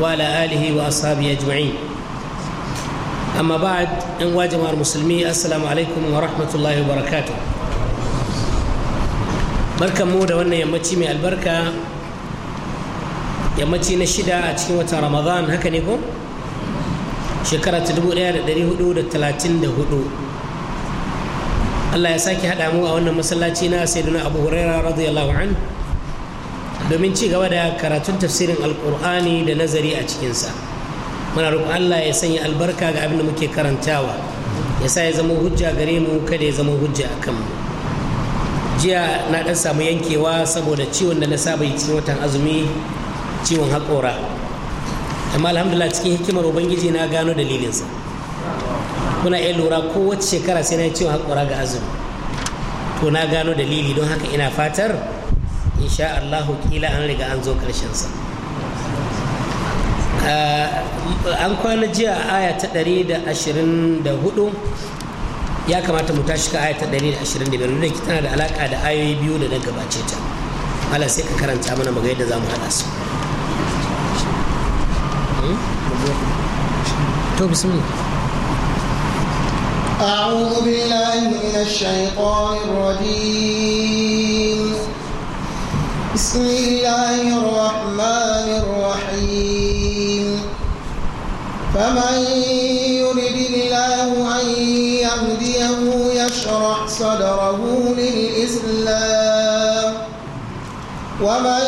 وعلى آله وأصحابه أجمعين أما بعد إن واجب المسلمين السلام عليكم ورحمة الله وبركاته بركة مودة وأن يمتي albarka. البركة yammaci na shida a cikin watan ramadan haka ne ko shekara ta dubu daya da dari hudu da talatin da hudu allah ya sake haɗa mu a wannan masallaci na sayyiduna abu huraira radiyallahu anhu domin ci gaba da karatun tafsirin alkur'ani da nazari a cikinsa muna roƙon allah ya sanya albarka ga abin da muke karantawa ya sa ya zama hujja gare mu kada ya zama hujja a kanmu jiya na ɗan samu yankewa saboda ciwon da na saba yi cikin watan azumi ciwon haƙora amma alhamdulillah cikin hikimar ubangiji na gano dalilinsa kuna iya lura kowace shekara sai na ciwon haƙora ga azumi to na gano dalili don haka ina fatar insha Allahu kila an riga an zo karshen sa ah, an kwana jiya aya ta 124 ya kamata mu tashi ka aya ta 125 da ki tana da alaka da ayoyi biyu da na gabace ta Allah sai ka karanta mana maga yadda za mu su hmm? to bismillah أعوذ بالله من الشيطان الرجيم بسم الله الرحمن الرحيم فمن يرد الله أن يهديه يشرح صدره للإسلام ومن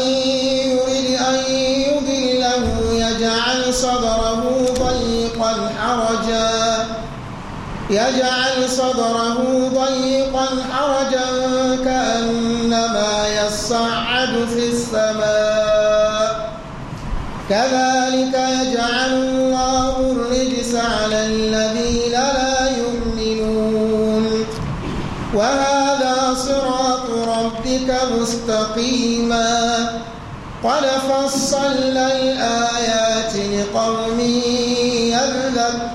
يرد أن يضله يجعل صدره ضيقا حرجا يجعل صدره ضيقا حرجا كأنما يصعد في السماء كذلك يجعل الله الرجس على الذين لا يؤمنون وهذا صراط ربك مستقيما قد فصلنا الآيات لقوم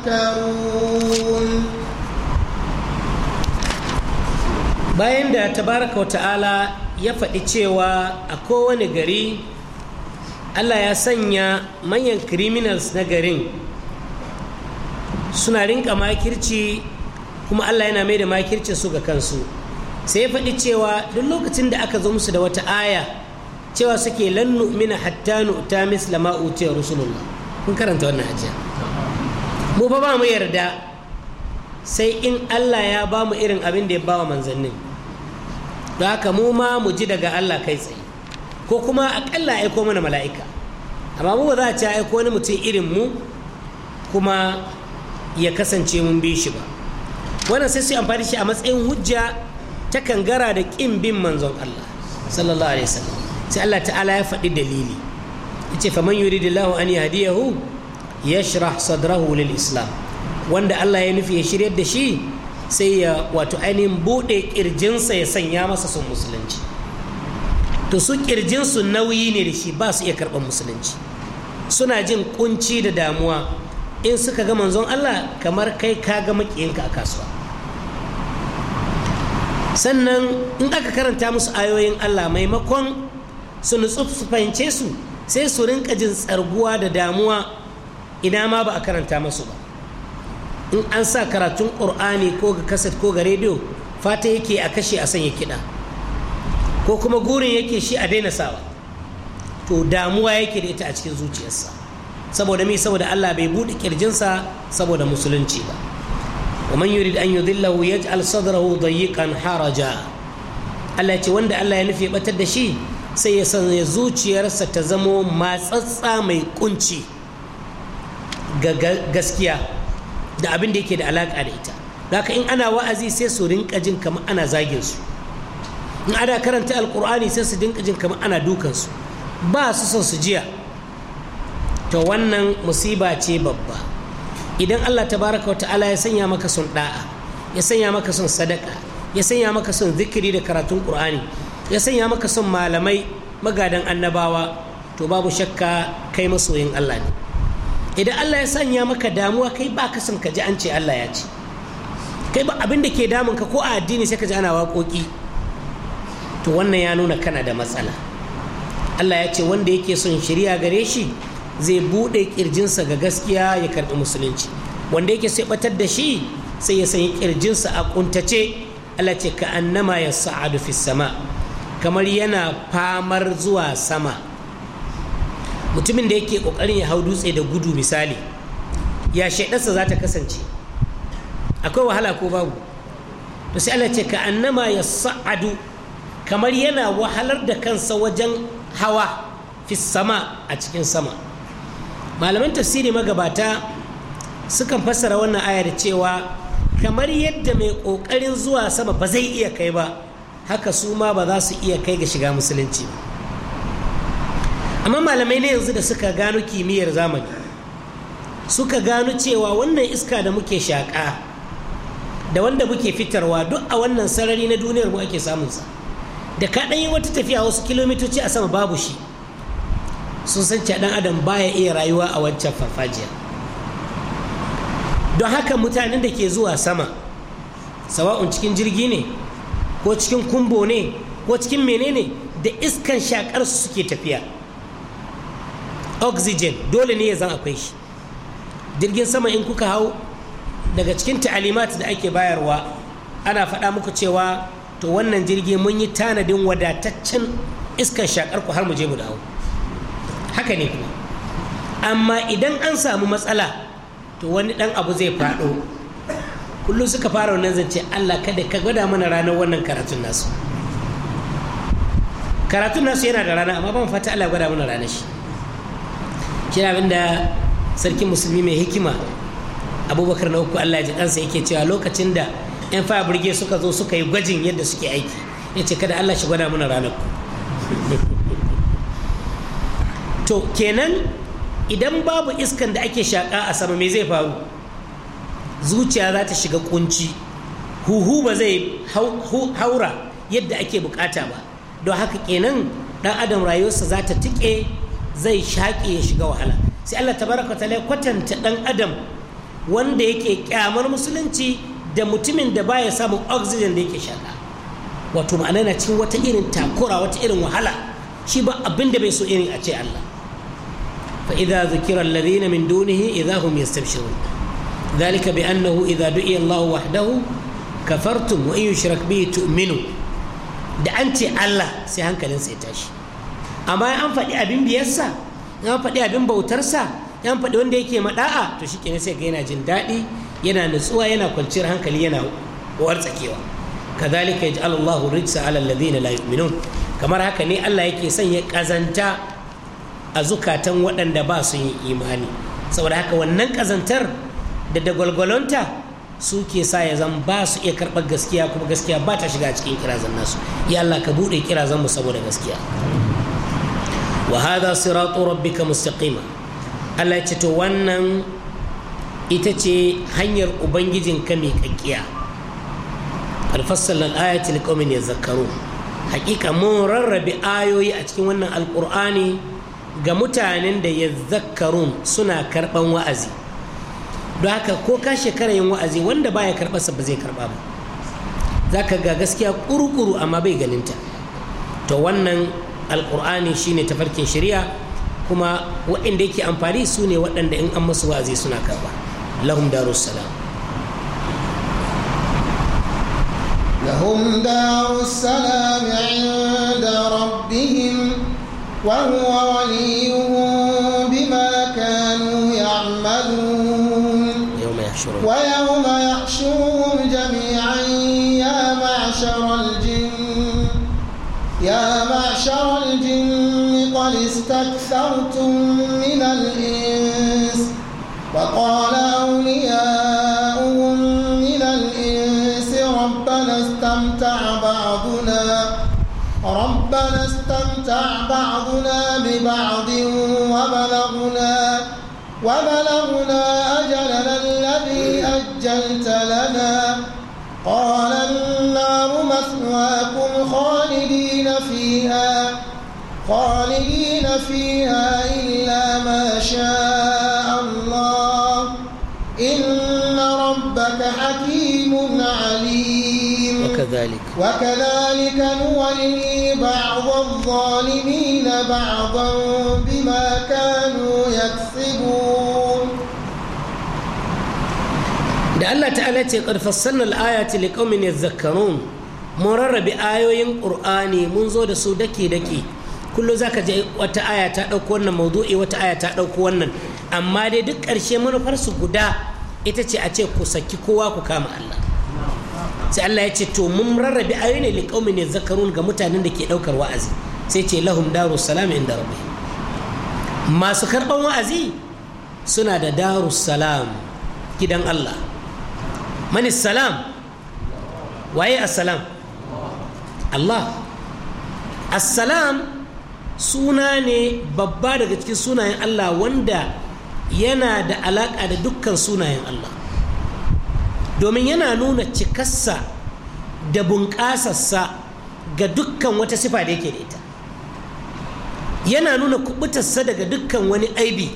يذكرون bayan da tabaraka wa ta'ala ya faɗi cewa a kowane gari allah ya sanya manyan criminals na garin suna rinka makirci kuma allah yana mai da makircin su ga kansu sai ya faɗi cewa duk lokacin da aka zo musu da wata aya cewa suke lannu mina hatta nu'ta misla ma rusulullah kun karanta wannan ajiya mu ba ba mu yarda sai in Allah ya ba mu irin abin da ya ba wa manzannin don haka mu ma mu ji daga Allah kai tsaye ko kuma akalla aiko mana mala'ika amma mu ba za a ci aiko wani mutum irin mu kuma ya kasance mun bi shi ba wannan sai su amfani shi a matsayin hujja ta kangara da ƙin bin manzon Allah sallallahu alaihi wasallam sai Allah ta'ala ya faɗi dalili yace faman yuridillahu an yahdiyahu yashrah sadrahu lil islam wanda Allah ya nufi ya shiryar da shi sai ya wato ainihin buɗe ƙirjinsa ya sanya masa sun musulunci to su ƙirjinsu nauyi ne da shi ba su iya karɓar musulunci suna jin kunci da damuwa in suka ga manzon Allah kamar kai ka ga maƙiyinka a kasuwa sannan in aka karanta musu ayoyin Allah maimakon su nutsu su fahimce su sai su rinka jin tsarguwa da damuwa ina ma ba a karanta masu ba in an sa karatun ƙur'ani ko ga kaset ko ga rediyo fata yake a kashe a sanya kiɗa ko kuma gurin yake shi a daina sawa to damuwa yake da ita a cikin zuciyarsa saboda me saboda Allah bai buɗe kirjinsa saboda musulunci ba wa man yurid an yudillahu yaj'al sadrahu kan haraja Allah ce wanda Allah ya nufi batar da shi sai ya sanya zuciyarsa ta zamo matsatsa mai kunci ga gaskiya da abin da yake da alaka da ita haka in ana wa'azi sai su rinka jin kamar ana zagin su in ana karanta alkur'ani sai su dinka jin kamar ana dukan su ba su son su jiya to wannan musiba ce babba idan allah tabaraka wa ta'ala ya sanya maka son da'a ya sanya maka son sadaka ya sanya maka son zikiri da karatun qur'ani ya sanya maka son malamai magadan annabawa to babu shakka kai masoyin allah ne idan Allah ya sanya maka damuwa kai ba ka son ka ji an ce Allah ya ce kai ba abin ke damun ka ko a addini sai ka ji ana waƙoƙi to wannan ya nuna kana da matsala Allah ya ce wanda yake son shirya gare shi zai buɗe kirjinsa ga gaskiya ya karɓi musulunci wanda yake sai batar da shi sai ya sanya ƙirjinsa a kuntace. Allah ce ka annama ya sa'adu fi sama kamar yana famar zuwa sama mutumin da yake kokarin ya hau dutse da gudu misali ya shaidarsa za ta kasance akwai wahala ko babu to sai Allah ce ka annama ya sa'adu kamar yana wahalar da kansa wajen hawa fi sama a cikin sama malaman tafsiri magabata sukan fassara wannan ayar cewa kamar yadda mai kokarin zuwa sama ba zai iya kai ba haka su ma ba za su iya kai ga shiga musulunci ba amma malamai ne yanzu da suka gano kimiyyar zamani suka gano cewa wannan iska da muke shaƙa da wanda muke fitarwa duk a wannan sarari na duniyar mu ake samunsa da kaɗan yi wata tafiya wasu kilomitoci a sama babu shi sun san ɗan adam baya iya rayuwa a wancan farfajiya don haka mutanen da ke zuwa sama sawa'un cikin jirgi ne ko cikin kumbo ne ko cikin menene da iskan shakar su suke tafiya oxygen dole ne ya zan akwai shi jirgin sama in kuka hau daga cikin ta'alimat da ake bayarwa ana faɗa muku cewa to wannan jirgi mun yi tanadin wadataccen iskar shakar ku har mu je mu dawo haka ne kuma amma idan an samu matsala to wani ɗan abu zai faɗo kullum suka fara wannan zance allah kada ka gwada mana ranar wannan karatun nasu karatun nasu yana da rana amma ban fata allah gwada mana ranar shi kira abin da sarkin musulmi mai hikima abubakar na uku allah ji kansa yake cewa lokacin da yan fire brigade suka zo suka yi gwajin yadda suke aiki ya ce kada allah shi gwada mana ranar to kenan idan babu iskan da ake shaƙa a sama me zai faru zuciya za ta shiga kunci huhu ba zai haura yadda ake bukata ba don haka kenan dan adam rayuwarsa za ta tike zai shaƙe ya shiga wahala sai Allah tabaraka ta kwatanta ɗan adam wanda yake kyamar musulunci da mutumin da baya samun oxygen da yake shaƙa wato ma'ana na cikin wata irin takura wata irin wahala shi ba abin da bai so irin a ce Allah fa idza zikira alladhina min dunihi idza hum yastabshirun dhalika bi annahu idza du'iya Allah wahdahu kafartum wa in yushrak bihi tu'minu da an ce Allah sai hankalinsa ya tashi amma an faɗi abin biyarsa an faɗi abin bautarsa an faɗi wanda yake maɗa'a to shi kenan sai ga yana jin daɗi yana nutsuwa yana kwanciyar hankali yana wartsakewa kazalika ji Allahu rijsa 'ala alladhina la yu'minun kamar haka ne Allah yake sanya kazanta a zukatan waɗanda ba su yi imani saboda haka wannan kazantar da dagwalgwalonta su ke sa ya zan ba su iya karɓar gaskiya kuma gaskiya ba ta shiga cikin kirazan nasu ya Allah ka buɗe kirazan mu saboda gaskiya wa hada siratu rabbika mustaqima Allah ya ce to wannan ita ce hanyar ubangijin ka mai kakkiya alfassalan ayati liqaumin yazakkaru hakika mun rarrabe ayoyi a cikin wannan alqur'ani ga mutanen da yazakkaru suna karban wa'azi don haka ko ka shekara yin wa'azi wanda baya sa ba zai karɓa ba za ka ga gaskiya kurukuru amma bai ganinta to wannan alƙur'ani shine tafarkin shari'a kuma waɗanda yake amfani su ne waɗanda in an masu wa'azi suna karba lahum darussalam lahum darussalam inda rabbihim wa huwa waliyuhum bima kanu ya'malun wa yawma قد استكثرتم من الإنس وقال أولياؤهم من الإنس ربنا استمتع بعضنا ربنا استمتع بعضنا ببعض وبلغنا وبلغنا أجلنا الذي أجلت لنا قال النار مثواكم خالدين فيها خالدين فيها إلا ما شاء الله إن ربك حكيم عليم وكذلك وكذلك نولي بعض الظالمين بعضا بما كانوا يكسبون لأن قد فصلنا الآية لقوم يذكرون مرر بآيوين قرآني منذ رسول دكي دكي kullum ka je wata aya ta ɗauko wannan maudu'i wata aya ta ɗauko wannan amma dai duk ƙarshe manufar su guda ita ce a ce ku saki kowa ku kama Allah sai Allah ya ce to mun rarrabe ayoyi ne ne zakarun ga mutanen da ke ɗaukar wa'azi sai ce lahum daru salam inda rabbi masu karɓan wa'azi suna da daru salam gidan Allah mani salam waye assalam Allah assalam suna ne babba daga cikin sunayen Allah wanda yana da alaƙa da dukkan sunayen Allah domin yana nuna cikarsa da bunƙasarsa ga dukkan wata sifa da yake da ita yana nuna kubutarsa daga dukkan wani aibi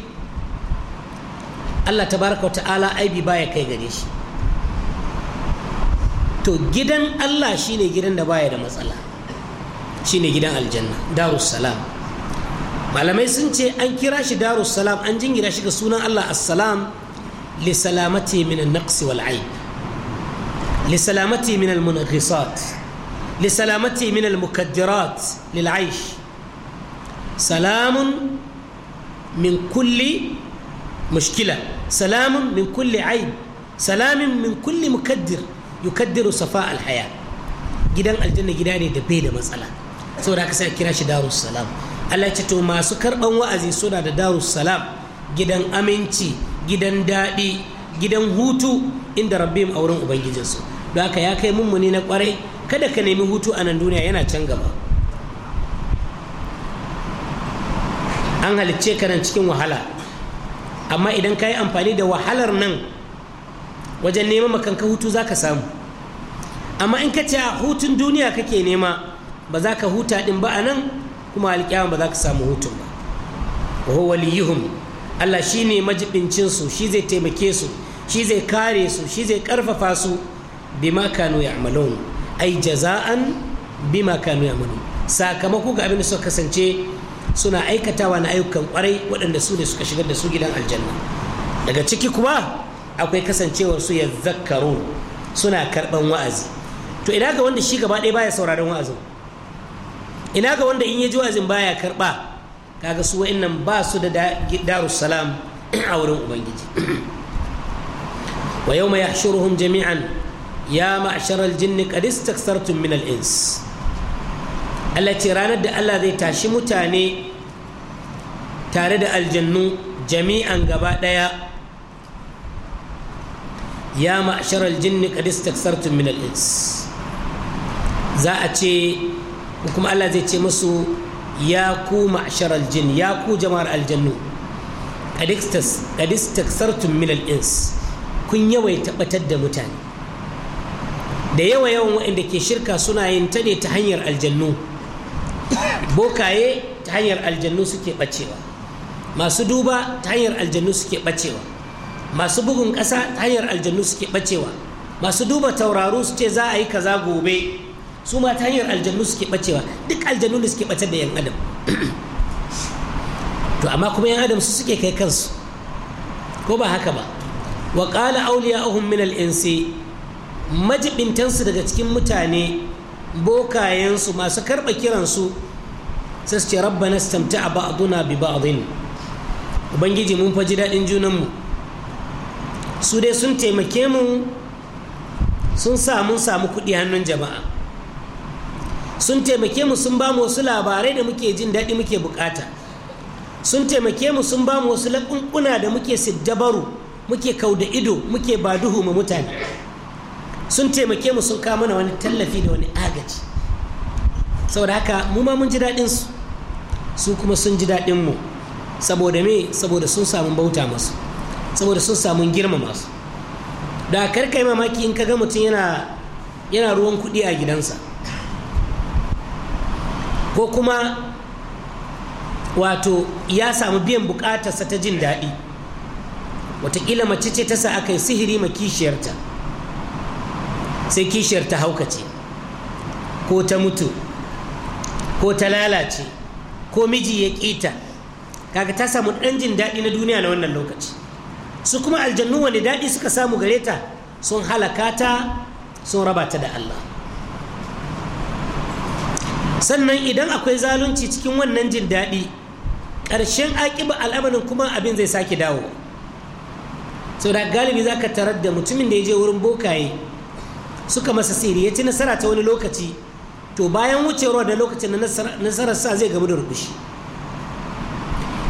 Allah ta baraka ta'ala aibi baya kai gare shi to gidan Allah shine gidan da baya da matsala shine gidan aljanna salam malamai sun ce an kira shi salam an jingira shi ga sunan allah assalam li salamati min an-naqsi wal aib li salamati min al-munqisat li salamati min al-mukaddirat lil aish salamun min kulli مشكلة سلام من كل عيب سلام من كل مكدر يكدر صفاء الحياة جدان الجنة جداني دبيدة مسألة saboda haka sai kira shi darussalam Allah ce to masu karban wa'azi suna da darussalam gidan aminci gidan daɗi gidan hutu inda rabbim a wurin ubangijinsu don haka ya kai mummuni na kwarai kada ka nemi hutu a nan duniya yana can gaba an halicce ka nan cikin wahala amma idan ka yi amfani da wahalar nan wajen neman makanka hutu za ka samu amma in ka ce hutun duniya kake nema ba za ka huta ɗin ba a nan kuma alƙiyama ba za ka samu hutun ba wa waliyuhum Allah shine majibincin majibincinsu shi zai taimake su shi zai kare su shi zai karfafa su bima kanu ya'malun ai jaza'an ma kanu ya'malun sakamako ga abin da suka kasance suna aikatawa na ayyukan kwarai waɗanda su ne suka shigar da su gidan aljanna daga ciki kuma akwai kasancewar su ya zakaru suna karɓan wa'azi to ina ga wanda shi gaba ɗaya baya sauraron wa'azin ina ga wanda in ya ji wazin baya karba kaga su wa'annan ba su da darussalam a wurin ubangiji wa yau mai ruhun jami'an ya ma'ashar aljinni qad istaksartum min al-ins Allah ce ranar da Allah zai tashi mutane tare da aljannu jami'an gaba daya ya ma'ashar aljinni kadis taksartun min al-ins za a ce kuma Allah zai ce musu ya ku ma'ashar aljin ya ku jama'ar aljannu sartun milal ins kun yawaita batar da mutane da yawa yawan waɗanda ke shirka suna yin ta ne ta hanyar aljannu bokaye ta hanyar aljannu suke ɓacewa masu duba ta hanyar aljannu suke ɓacewa masu bugun ƙasa ta hanyar aljannu suke ɓacewa masu duba tauraru su ce za a yi kaza gobe su ma ta hanyar aljannu suke bacewa duk aljannu da suke batar da yan adam to amma kuma yan adam su suke kai kansu ko ba haka ba wa qala awliya'uhum min al-insi majibintansu daga cikin mutane bokayensu masu karɓa kiransu sai su ce rabbana stamta a ba'duna bi ba'din ubangiji mun faji dadin junan mu. su dai sun taimake mu sun sa mun samu kuɗi hannun jama'a sun taimake mu sun ba mu wasu labarai da muke jin daɗi muke bukata sun taimake mu sun ba mu wasu laƙunƙuna da muke siddabaru muke kau da ido muke ba duhu ma mutane sun taimake mu sun kama mana wani tallafi da wani agaji saboda haka mu ma mun ji daɗin su su kuma sun ji daɗin mu saboda me saboda sun samu bauta masu saboda sun samu girma masu da karkai mamaki in ka ga mutum yana ruwan kuɗi a gidansa ko kuma wato ya samu biyan bukatarsa ta jin daɗi watakila mace ce ta sa aka yi sihiri ma kishiyarta sai kishiyar ta haukace ko ta mutu ko ta lalace ko miji ya ƙita kaga ta samu ɗan jin daɗi na duniya na wannan lokaci su kuma aljannu wani daɗi suka samu gare ta sun halakata, sun rabata da allah sannan idan akwai zalunci cikin wannan jin daɗi ƙarshen aƙiba al'amarin kuma abin zai sake dawo sau da galibi za ka tarar da mutumin da ya je wurin bokaye suka masa siri ya ci nasara ta wani lokaci to bayan wucewa da lokacin da nasarar sa zai gamu da rubushi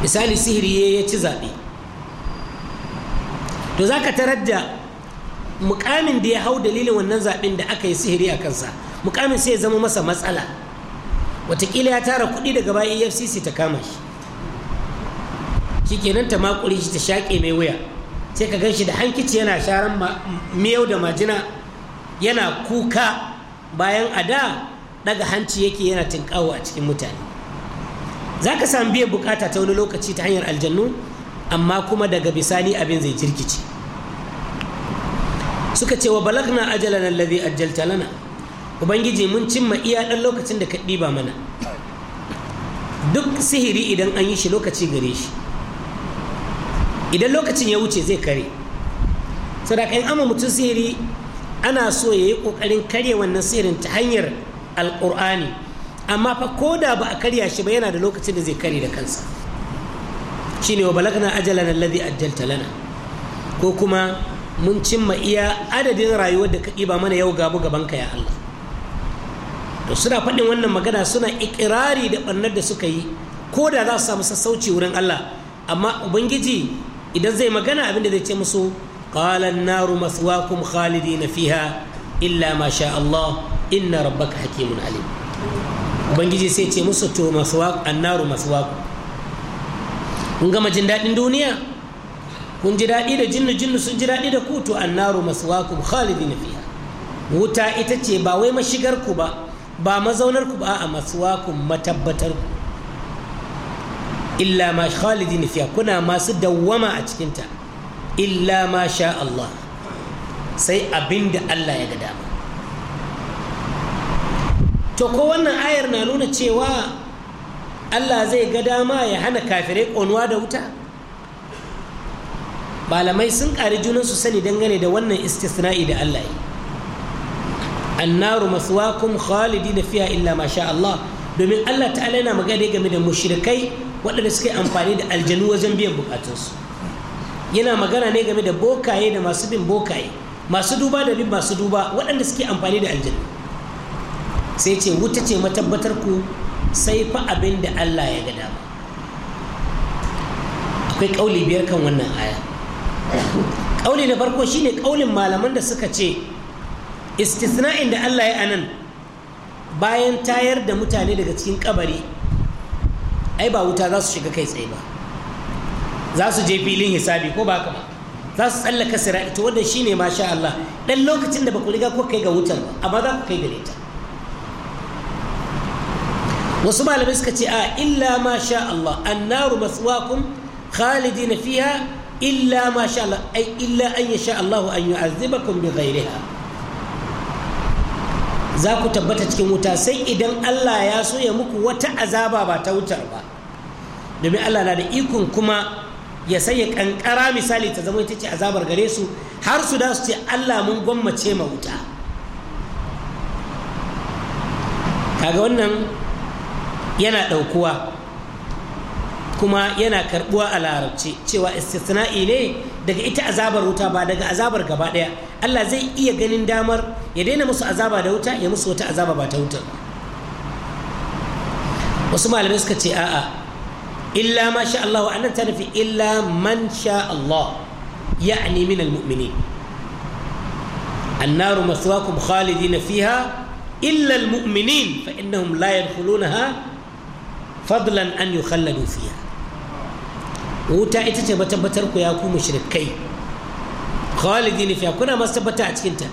misali sihiri ya ci zaɓe to za ka tarar da mukamin da ya hau dalilin wannan zaɓen da aka yi sihiri a kansa mukamin sai ya zama masa matsala watakila ya tara kudi daga bayan efcc ta kama shi shikenan ta makuri shi ta shaƙe mai wuya sai ka ganshi da hankici yana sharan miyau da majina yana kuka bayan a da daga hanci yake yana tinkawo a cikin mutane za ka sami biyan bukata ta wani lokaci ta hanyar aljannu amma kuma daga bisani abin zai jirkice suka ce wa balagna ajalan alladhi ajalta lana ubangiji mun cimma iya ɗan lokacin da ka ɗiba mana duk sihiri idan an yi shi lokaci gare shi idan lokacin ya wuce zai kare sadaka in ama mutum sihiri ana so ya yi ƙoƙarin karya wannan sihirin ta hanyar alƙur'ani amma fa ko da ba a karya shi ba yana da lokacin da zai kare da kansa shine wa balagna ajalan alladhi ajjalta lana ko kuma mun cimma iya adadin rayuwar da ka ɗiba mana yau gabu gabanka ya Allah to suna faɗin wannan magana suna ikirari da ɓannar da suka yi ko da za su samu sassauci wurin Allah amma ubangiji idan zai magana abin da zai ce musu qala an-naru maswaakum khalidina fiha illa ma sha Allah inna rabbaka hakimun alim ubangiji sai ce musu to maswaak an-naru maswaakum kun gama jin daɗin duniya kun ji daɗi da jinnu jinnu sun ji daɗi da ku to annaru maswaakum khalidina fiha wuta ita ce ba wai mashigar ku ba ba mazaunar ku ba a masuwa matabbatar ku illa ma khalidin fiya kuna masu dawwama a cikinta illa ma sha Allah sai abinda Allah ya ga dama to ko wannan ayar na nuna cewa Allah zai ga dama ya hana kafirai ƙonuwa da wuta malamai sun ƙari junansu sani dangane da wannan istisna'i da Allah yi annaru maswakum khalidina fiya illa masha Allah domin Allah ta'ala yana magana game da mushrikai waɗanda suka yi amfani da aljanu wajen biyan bukatunsu yana magana ne game da bokaye da masu bin bokaye masu duba da bin masu duba waɗanda suke amfani da aljanu sai ce wuta ce matabbatar ku sai fa abin da Allah ya ga dama akwai kauli biyar kan wannan aya kauli na farko shine kaulin malaman da suka ce istisna'in da Allah ya anan bayan tayar da mutane daga cikin kabari ai ba wuta za su shiga kai tsaye ba za su je filin hisabi ko ba haka ba za su tsallaka sira'ita shi shine masha Allah dan lokacin da ba ku riga ku kai ga wutar ba amma za ku kai gare ta wasu malamai suka ce a illa ma sha Allah annaru khalidi khalidina fiha illa ma sha Allah ai illa an yasha Allah an yu'azzibakum bi ghayriha za ku tabbata cikin wuta sai idan Allah ya so ya muku wata azaba ba ta wutar ba domin Allah na da ikon kuma ya sanya kankara misali ta zama ita ce azabar gare su har su da su ce Allah mun gwammace ma wuta kaga wannan yana ɗaukuwa kuma yana karɓuwa a larabci cewa istisna'i ne daga ita azabar wuta ba daga azabar gaba daya Allah zai iya ganin damar ya daina musu azaba da wuta ya musu wata azaba ba ta wutar wasu malamai suka ce a'a illa ma sha Allah wa annan ta nufi illa man sha Allah ya'ni min almu'minin annaru khalidi na fiha illa muminin fa innahum la yadkhulunaha fadlan an yukhalladu fiha wuta ita ce matabbatar ku ya ku mushrikai khalidin fiha kuna masu tabbata a cikin ta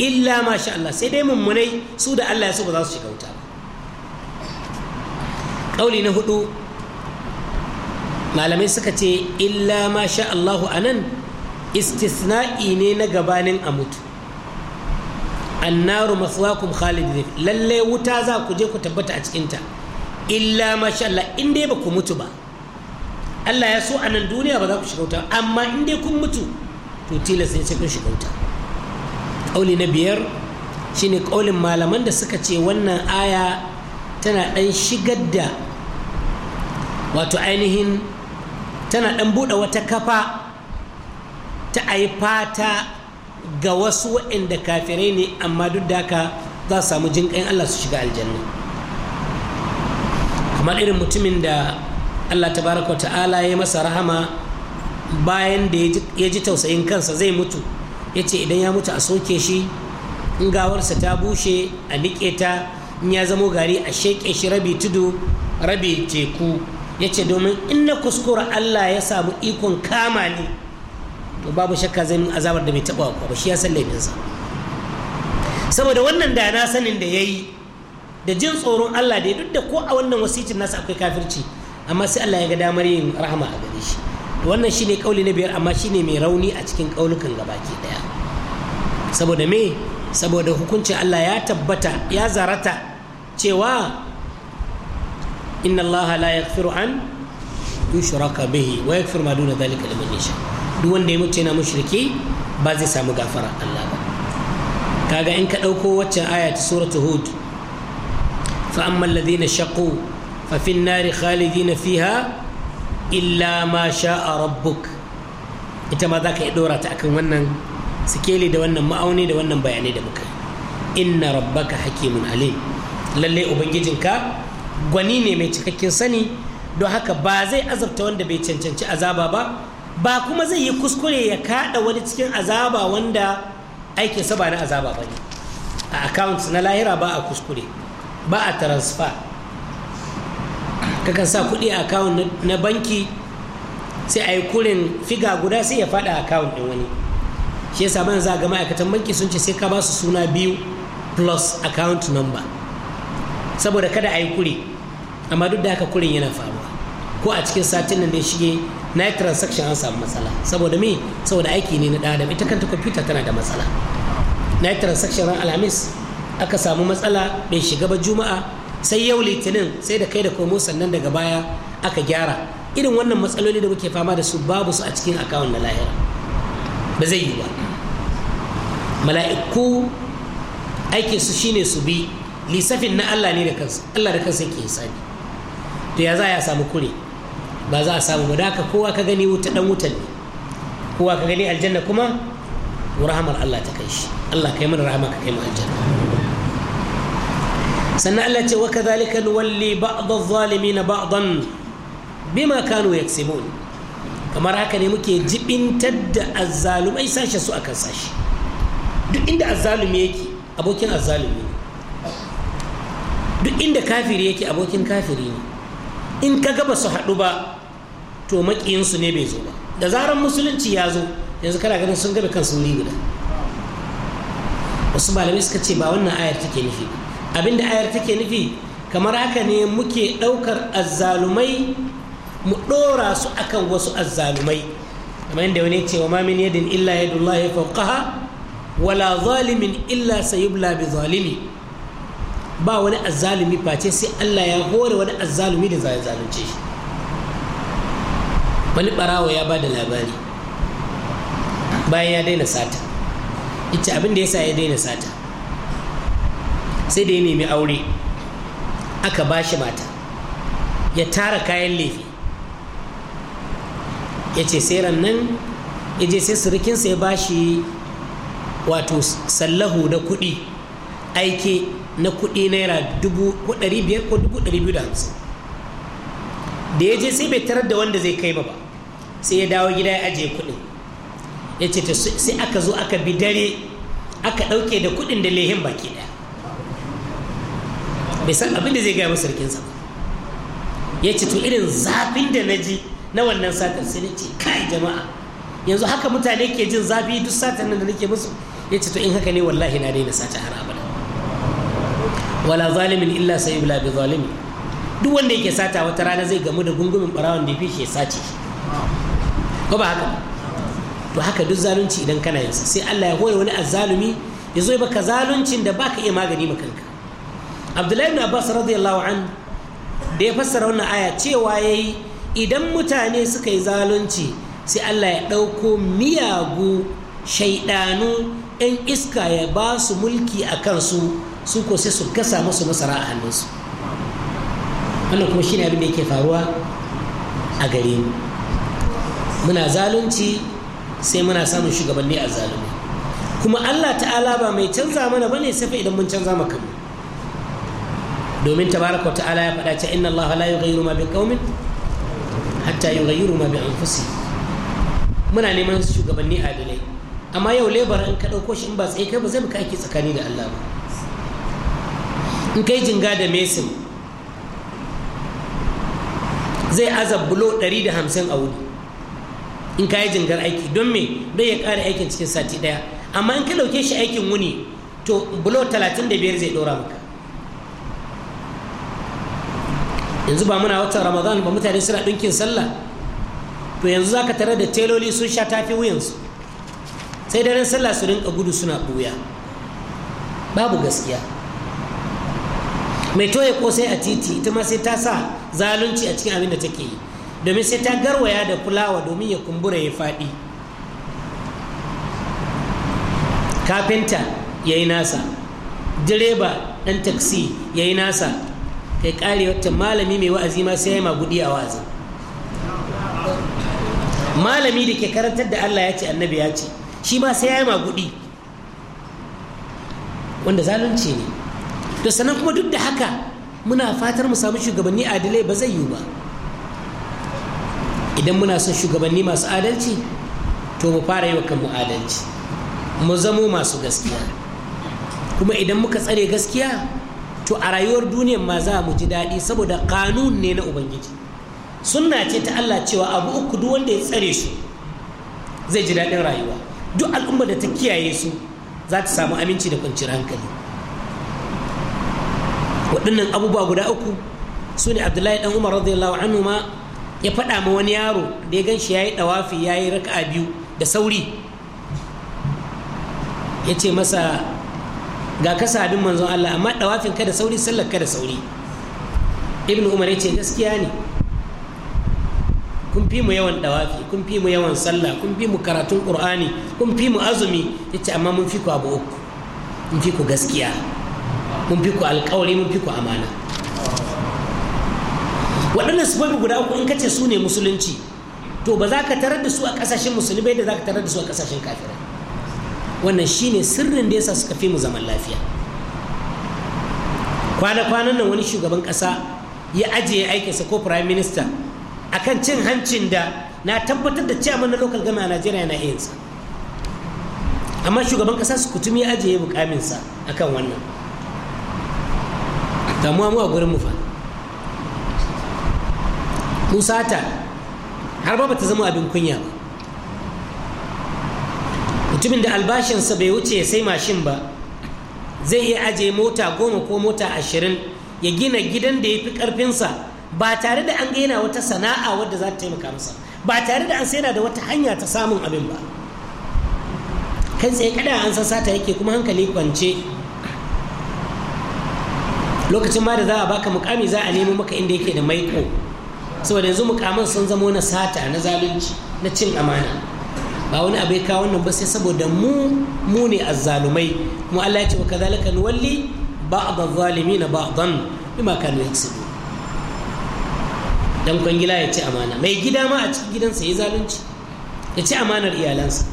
illa ma sha Allah sai dai mummunai su da Allah ya so ba za su shiga wuta ba kauli na hudu malamai suka ce illa ma sha Allahu anan istisna'i ne na gabanin a mutu annaru maswakum khalidin lalle wuta za ku je ku tabbata a cikinta illa ma sha Allah in dai ba ku mutu ba Allah ya so a nan duniya ba za ku shiga wuta amma in dai kun mutu to tilas ne sai kun shiga wuta ƙauli na biyar shine ƙaulin malaman da suka ce wannan aya tana ɗan shigar da wato ainihin tana ɗan buɗe wata kafa ta a fata ga wasu waɗanda kafirai ne amma duk da haka za su samu jinƙayin Allah su shiga aljanna kamar irin mutumin da allah tabaraka ta'ala ya masa rahama bayan da ya ji tausayin kansa zai mutu ya ce idan ya mutu a soke shi in gawarsa ta bushe a niƙe ta in ya zamo gari a sheƙe shi rabi tudu rabi teku ya ce domin in na kuskura allah ya samu ikon kama ni to babu shakka zai min azabar da bai taɓa ba shi ya san laifinsa saboda wannan da na sanin da ya yi da jin tsoron allah da ya duk da ko a wannan wasicin nasa akwai kafirci amma sai Allah ya ga damar yin rahama a gare shi wannan shine kauli na biyar amma shine mai rauni a cikin kaulukan gabaki daya saboda me saboda hukuncin Allah ya tabbata ya zarata cewa inna Allah la yaghfiru an yushraka bihi wa yaghfiru ma duna dhalika liman yasha duk wanda ya mutu yana mushriki ba zai samu gafara Allah ba kaga in ka dauko waccan aya ta suratul hud fa amma alladhina shaqu ففي النار خالدين فيها إلا ما شاء ربك ita ma za ka yi ɗora ta akan wannan sikeli da wannan ma'auni da wannan bayanai da muka inna rabbaka hakimun alim lallai ubangijinka gwani ne mai cikakken sani don haka ba zai azabta wanda bai cancanci azaba ba ba kuma zai yi kuskure ya kaɗa wani cikin azaba wanda aikinsa ba na azaba ba ne a account na lahira ba a kuskure ba a transfer kakan sa kuɗi a akawun na banki sai a yi kurin figa guda sai ya faɗa akawun ɗin wani shi yasa ban za ga ma'aikatan banki sun ce sai ka ba su suna biyu plus account number saboda kada a yi kuri amma duk da haka kurin yana faruwa ko a cikin satin nan da shige na yi transaction an samu matsala saboda me saboda aiki ne na ɗadam ita kanta kwamfuta tana da matsala na yi transaction ran alhamis aka samu matsala bai shiga ba juma'a sai yau litinin sai da kai da komo sannan daga baya aka gyara irin wannan matsaloli da muke fama da su babu su a cikin akawun na lahira ba zai yi ba mala'iku aikin su shine su bi lissafin na Allah ne da kansa Allah da kansa yake sani to ya za a samu kure ba za a samu ba da haka kowa ka gani wuta dan wutan ne kowa ka gani aljanna kuma rahamar Allah ta kai shi Allah kai mana rahama ka kai mu aljanna sannan Allah ce wa kadhalika nuwalli ba'd adh-dhalimin ba'dan bima kanu yaksibun kamar haka ne muke jibintar da azzalumai sashe su akan sashe duk inda azzalumi yake abokin azzalumi ne duk inda kafiri yake abokin kafiri ne in ka gaba su haɗu ba to maƙiyinsu ne bai zo ba da zarar musulunci ya zo yanzu kana ganin sun gaba kan wuri guda wasu malamai suka ce ba wannan ayar take nufi ba Abin da ayar take nufi kamar haka ne muke ɗaukar azzalumai mu ɗora su akan wasu azzalumai kamar yadda wani ce wa mamin yadin illa yadullahi fawqaha wala zalimin illa sayubla bi zalimi ba wani azzalumi face sai Allah ya hore wani azzalumi da zai zalunce shi wani barawa ya ba da labari bayan ya daina sata ita abin da ya sa ya daina sata sai da ya nemi aure aka ba shi mata ya tara kayan laifi ya ce sai nan ya je sai surukinsa ya ba shi wato sallahu na kuɗi aike na kuɗi naira dubu ɗari biyar ko dubu ɗari da da ya je sai bai tarar da wanda zai kai ba ba sai ya dawo gida ya ajiye kuɗin ya ce sai aka zo aka bi dare aka ɗauke da kuɗin da lehin baki ɗaya bai san abin da zai gaya masa sa ya ce to irin zafin da na ji na wannan satar sai na ce kai jama'a yanzu haka mutane ke jin zafi duk satar nan da nake musu ya ce to in haka ne wallahi na daina sata har abada wala zalimin illa sai ibla bi zalimi duk wanda yake sata wata rana zai gamu da gungumin barawan da fi sace ko ba haka to haka duk zalunci idan kana yin sai Allah ya hoye wani azzalumi ya zo baka zaluncin da baka iya magani ma kanka abdullahi ibn abbas radiyallahu an da ya fassara wannan aya cewa yayi idan mutane suka yi zalunci sai Allah ya ɗauko miyagu shaidanu 'yan iska ya ba su mulki a kansu su ko sai su gasa musu masara a hannunsu wannan kuma shine abin da yake faruwa a gare muna zalunci sai muna samun shugabanni a zalumi kuma Allah ta'ala ba mai canza mana bane sai idan mun canza maka domin wa ta'ala ya faɗa ta inna Allah la yughayyiru ma biqaumin hatta yughayyiru ma bi anfusihim muna neman shugabanni adalai amma yau lebar in ka ɗauko shi in ba tsaye kai ba zai muka aiki tsakani da Allah ba in kai jinga da mesin zai azab bulo 150 a wuri in ka yi jingar aiki don me don ya ƙara aikin cikin sati ɗaya amma in ka ɗauke shi aikin wuni to bulo 35 zai ɗora maka yanzu ba muna watan ramadan ba mutane suna ɗinkin sallah to yanzu za ka tare da teloli sun sha tafi wuyansu sai daren sallah su rinka gudu suna buya babu gaskiya mai toye sai a titi ita ma sai ta sa zalunci a cikin abin da take yi domin sai ta garwaya da fulawa domin ya kumbura ya faɗi kafinta ya yi nasa direba ɗan taksi ya yi nasa kai kare wata malami mai wa'azi ma sai ya gudi a wa'azi malami da ke karantar da Allah ya ce annabi ya ce shi ma sai ya maguɗi. wanda zalunci ne to sannan kuma duk da haka muna fatar mu samu shugabanni adalai ba zai yiwu ba idan muna son shugabanni masu adalci to mu fara yi wa kanmu adalci mu zamo masu gaskiya kuma idan muka tsare gaskiya to a rayuwar duniyar ma za mu ji daɗi saboda kanun ne na ubangiji suna ce ta Allah cewa abu uku duk wanda ya tsare su zai ji daɗin rayuwa duk al'umma da ta kiyaye su za ta samu aminci da kwanciyar hankali waɗannan abubuwa guda uku su ne abdullahi dan umar radiyallahu anhu ma ya faɗa ma wani yaro da ya gan shi ya yi ɗawafi ya yi raka'a biyu da sauri ya ce masa ga kasa abin manzon Allah amma dawafin ka da sauri sallar ka da sauri ibn umar yace gaskiya ne kun fi mu yawan dawafi kun fi mu yawan sallah kun fi mu karatun qur'ani kun fi mu azumi yace amma mun fi ku abu uku mun fi ku gaskiya mun fi ku alƙawari mun fi ku amana waɗannan sifofi guda uku in kace su ne musulunci to ba za ka tarar da su a ƙasashen musulmi bai da za ka tarar da su a ƙasashen kafirai wannan shine sirrin da yasa suka fi mu zaman lafiya kwana-kwanan nan wani shugaban kasa ya ajiye aikinsa ko prime minister akan cin hancin da na tabbatar da cewa na local gama a najeriya na iya yinsa amma shugaban kasa su kutum ya ajiye mukaminsa akan wannan damuwa mu a gurin mu musata har ba ta zama abin kunya ba mutumin da albashinsa bai wuce sai mashin ba zai iya aje mota goma ko mota ashirin ya gina gidan da ya fi ƙarfinsa ba tare da an gaina wata sana'a wadda za ta taimaka masa ba tare da an saina da wata hanya ta samun abin ba kai tsaye kada an san sata yake kuma hankali kwance lokacin ma da za a baka mukami za a nemo maka inda yake da maiko saboda yanzu mukaman sun zamo na sata na zalunci na cin amana ba wani abu ya kawo wannan ba sai saboda mu mu ne azzalumai kuma Allah ya ce wa kadhalika nuwalli ba'd adh-dhalimin ba'dan bima kanu yaksubu dan kwangila ya ci amana mai gida ma a cikin gidansa ya zalunci ya ci amanar iyalansa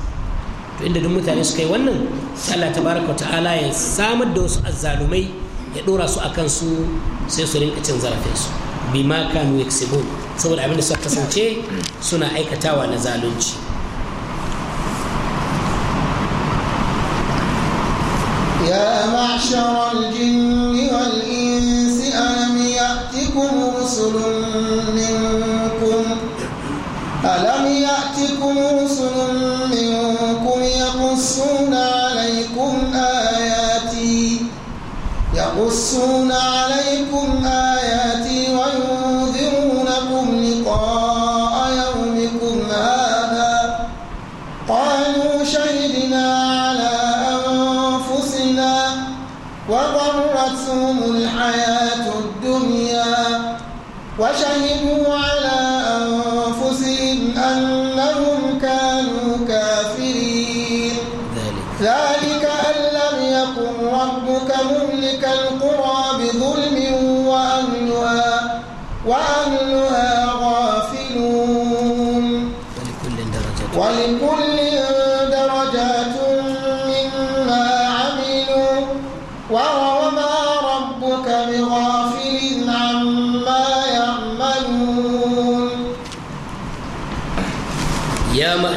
to inda duk mutane suka yi wannan sai Allah tabaraka wa ta'ala ya samar da wasu azzalumai ya dora su a su sai su rinka cin zarafinsu bima kanu yaksubun saboda abin da suka kasance suna aikatawa na zalunci يا معشر الجن والإنس ألم يأتكم رسل منكم ألم يأتكم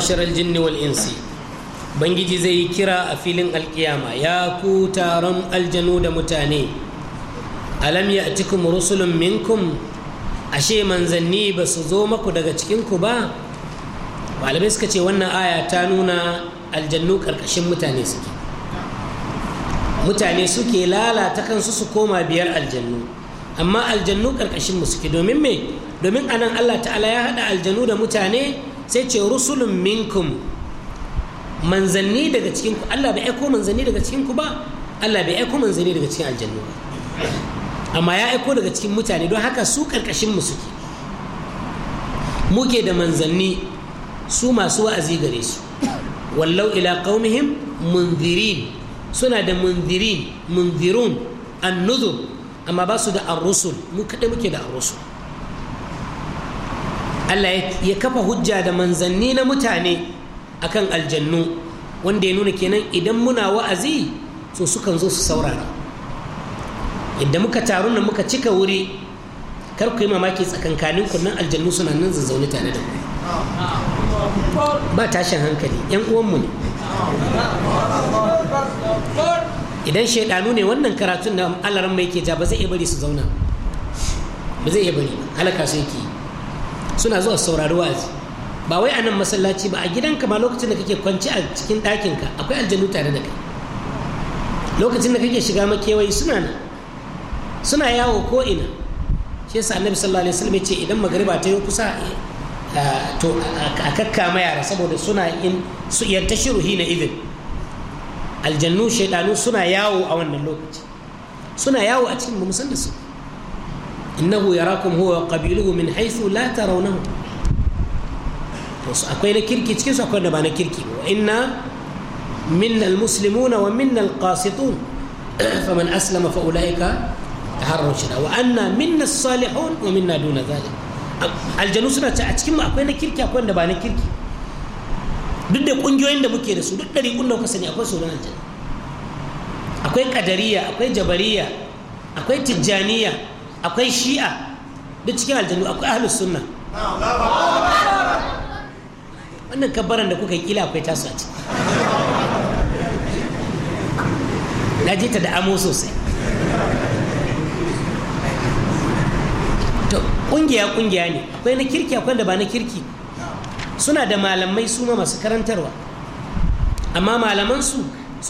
ma'ashar jinni wal insi bangiji zai yi kira a filin alkiyama ya ku taron aljanu da mutane alam ya atikum rusulun minkum ashe manzanni ba su zo maku daga cikinku ba malamai suka ce wannan aya ta nuna aljannu karkashin mutane suke mutane suke lalata kansu su koma biyar aljannu amma aljannu karkashin mu suke domin me domin anan Allah ta'ala ya haɗa aljannu da mutane sai ce rusulun minkum manzanni daga cikinku. Allah bai aiko manzanni daga cikinku ba Allah bai aiko manzanni daga cikin aljannu ba amma ya aiko daga cikin mutane don haka su karkashin mu suke muke da manzanni su masu wa'azi gare su wallau ila qaumihim mundirin suna da mundirin mundirun annuzur amma ba su da arrusul mu kaɗai muke da arrusul Allah ya kafa hujja da manzanni na mutane akan aljannu wanda ya nuna kenan idan muna wa'azi so sukan zo su saurara idan muka taru nan muka cika wuri kar ku yi mamaki tsakankanin kunnan aljannu suna nan zazzauni tare da ku ba tashin hankali yan uwanmu ne idan shaidanu ne wannan karatun da alaran mai ke ja ba zai iya bari su zauna ba zai iya bari halaka su yake yi suna zuwa saurari wa'azi ba wai a nan masallaci ba a gidanka ma lokacin da kake kwanci a cikin ɗakinka akwai aljanu tare da kai lokacin da kake shiga makewayi suna nan suna yawo ko ina shi yasa annabi sallallahu alaihi wasallam ce idan magariba ta yi kusa to a kakkama yara saboda suna in su tashiru hina idin aljannu shaidanu suna yawo a wannan lokaci suna yawo a cikin mu san da su innahu yarakum huwa qabiluhu min haythu la tarawnahu to akwai na kirki cikin akwai da ba na kirki wa inna minna almuslimuna wa minna alqasitun faman aslama fa ulaika taharraw shida wa anna minna as wa minna aljanu suna ce a akwai na kirki akwai duk da kungiyoyin da muke da su duk dari kun da akwai su nan aljanu akwai kadariya akwai jabariya akwai tijjaniya akwai shi'a duk cikin aljanu akwai ahlus sunna wannan kabbaran da kuka yi kila akwai tasu a ciki na ji ta da amo sosai to kungiya kungiya ne akwai na kirki akwai da ba na kirki suna da malamai su ma masu karantarwa amma malaman su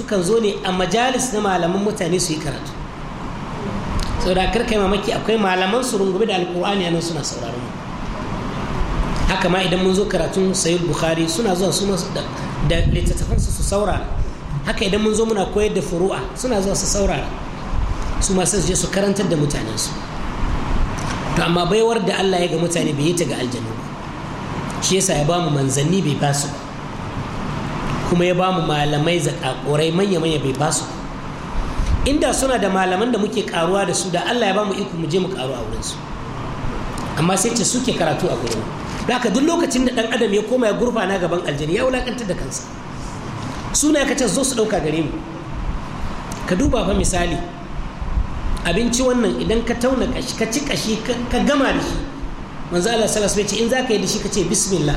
kan zo ne a majalis na malaman mutane su yi karatu saboda kar kai mamaki akwai malaman su rungume da alkur'ani nan suna sauraron mu haka ma idan mun zo karatun sayyid bukhari suna zuwa su da littattafan su saura haka idan mun zo muna koyar da furu'a suna zuwa su saura su ma sai su je su karantar da mutanen su to amma baiwar da Allah ya ga mutane bai yi ta ga aljanu ba shi yasa ya bamu manzanni bai basu su kuma ya bamu malamai zakakurai manya-manya bai basu ba inda suna da malaman da muke karuwa da su da Allah ya ba mu iko mu je mu karu a wurinsu amma sai ce suke karatu a gurin ka duk lokacin da dan adam ya koma ya na gaban aljini ya wulakantar da kansa suna ka ce zo su dauka gare mu ka duba fa misali abinci wannan idan ka tauna kashi ka ci kashi ka gama da shi manzo Allah sallallahu alaihi wasallam in zaka yi da shi ka ce bismillah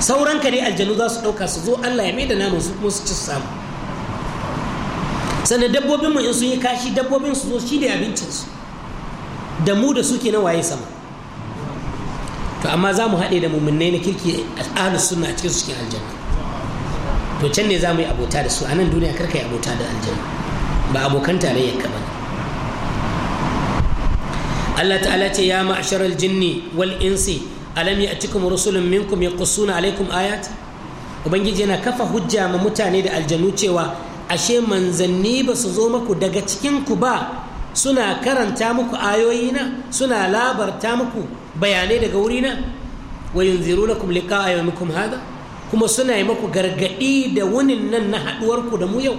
sauran ka dai aljanu za su dauka su zo Allah ya mai da namu su kuma su ci su samu sannan mu in sun yi kashi dabbobin su zo shi ne abincinsu da mu da suke na waye sama to amma za mu haɗe da mummunai na kirki ahlus sunna a cikin su cikin aljanna to can ne za mu yi abota da su a nan duniya karka yi abota da aljanna ba abokan tarayyar ka ba. Allah ta'ala ce ya ma'ashar jinni wal insi alam cikin rusulun minkum kusuna alaikum ayat ubangiji yana kafa hujja ma mutane da aljanu cewa ashe manzanni ba su zo maku daga cikinku ba suna karanta muku ayoyi na suna labarta muku bayanai daga wurina na yunzirunakum liqa'a yawmikum hada kuma suna yi muku gargaɗi da wunin nan na haɗuwarku da mu yau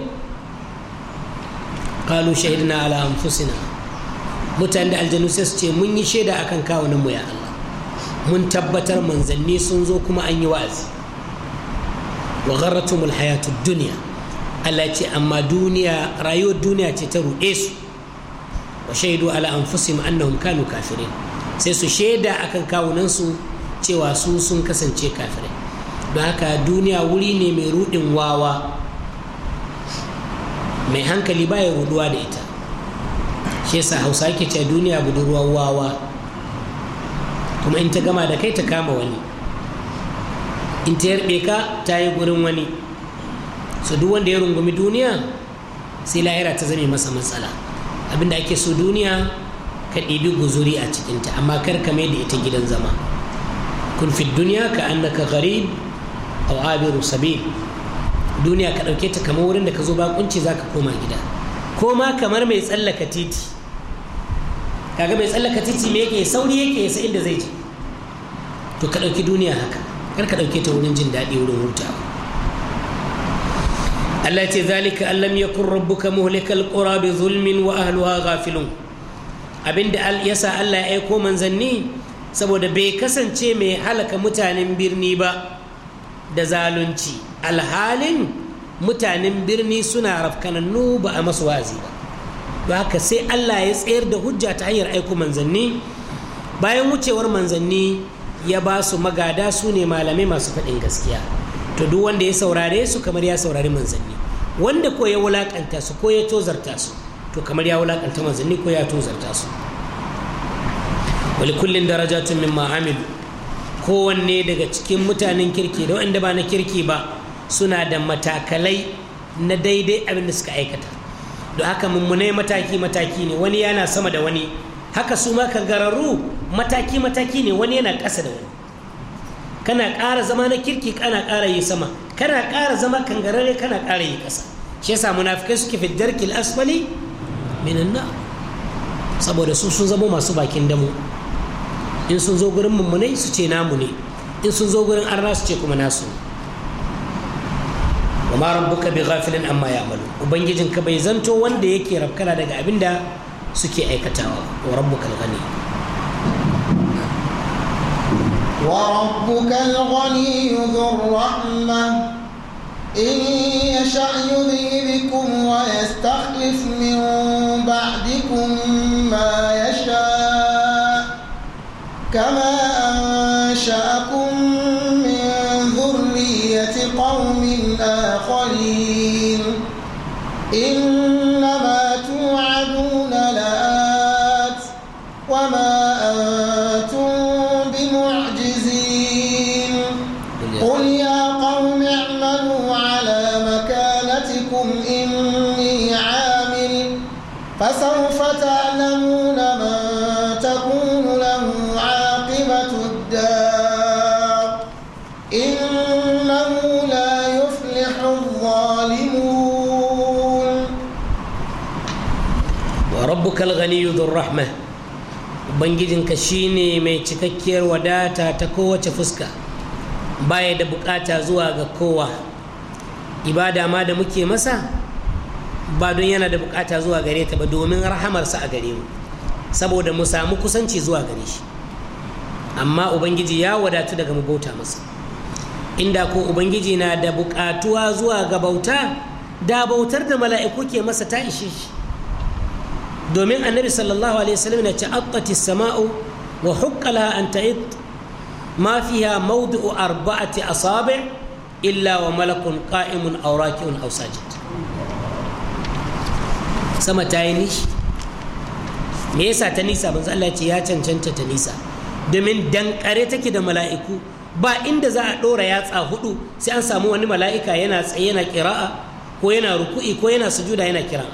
shahid na ala fusina mutane da aljanu sai su ce mun yi shaida akan kawunan mu ya Allah mun tabbatar manzanni sun zo kuma an yi wa'azi wa gharratumul hayatud duniya. Allah ce amma duniya rayuwar duniya ce ta ruɗe su wa shaidu ala anfusihim annahum kanu kafirin sai su shaida akan kawunan su cewa su sun kasance kafirin don haka duniya wuri ne mai ruɗin wawa mai hankali baya ruɗuwa da ita shi yasa hausa ke ce duniya budurwar wawa kuma in ta gama da kai ta kama wani in ta yarbe ka ta yi gurin wani so duk wanda ya rungumi duniya sai lahira ta zame masa matsala abinda ake so duniya ka ɗibi guzuri a cikinta amma kar ka mai da ita gidan zama kun fi duniya ka annaka gari a abiru sabil duniya ka ɗauke ta kamar wurin da ka zo bakunci za ka koma gida ko ma kamar mai tsallaka titi kaga mai tsallaka titi me yake sauri yake sa inda zai je to ka ɗauki duniya haka kar ka ɗauke ta wurin jin daɗi wurin hutawa Allah ce zalika an lam yakun rabbuka muhlikal qura bi zulmin wa ahliha ghafilun abinda yasa Allah ya aiko manzanni saboda bai kasance mai halaka mutanen birni ba da zalunci alhalin mutanen birni suna rafkanannu ba a masu wazi ba haka sai Allah ya tsayar da hujja ta hanyar aiko manzanni bayan wucewar manzanni ya ba su magada su ne malamai masu faɗin gaskiya to duk wanda ya saurare su kamar ya saurari manzanni wanda ko ya wulakanta su ko ya tozarta su to kamar ya wulakanta manzanni ko ya tozarta su wali kullin darajatun min amilu kowanne daga cikin mutanen kirki da wanda ba na kirki ba suna da matakalai na daidai abin da suka aikata don haka mummunai mataki-mataki ne wani yana sama da wani haka su ma kangararru mataki-mataki ne wani yana ƙasa da wani kana ƙara zama na kirki kana ƙara yi sama kana ƙara zama kangarare kana ƙara yi ƙasa shi yasa munafikai suke fi darkil asfali minan na saboda su sun zama masu bakin damu in sun zo gurin mummunai su ce namu ne in sun zo gurin arna su ce kuma nasu wa ma rabbuka bi ghafilin amma ya'malu ubangijinka bai zanto wanda yake rafkana daga abinda suke aikatawa wa rabbukal ghani وربك الغني ذو الرحمة إن يشأ يذهبكم ويستخلف من بعدكم ما يشاء كما أنشأكم من ذرية قوم آخرين إن alganiyu dhur rahma shi shine mai cikakkiyar wadata ta kowace fuska baya da bukata zuwa ga kowa ibada ma da muke masa ba don yana da bukata zuwa gare ta ba domin rahamarsa a gare mu saboda mu samu kusanci zuwa gare shi amma ubangiji ya wadatu daga mu bauta masa inda ko ubangiji na da bukatuwa zuwa ga bauta da bautar da mala'iku ke masa ta ishe shi domin annabi sallallahu alaihi wasallam na ce attati sama'u wa hukala an ta'id ma fiha mawdu'u arba'ati asabi' illa wa malakun qa'imun aw raki'un aw sajid sama ta yi nishi me yasa ta nisa manzo Allah ce ya cancanta ta nisa domin dankare take da mala'iku ba inda za a ɗora yatsa hudu sai an samu wani mala'ika yana tsaye yana kira'a ko yana ruku'i ko yana sujuda yana kiran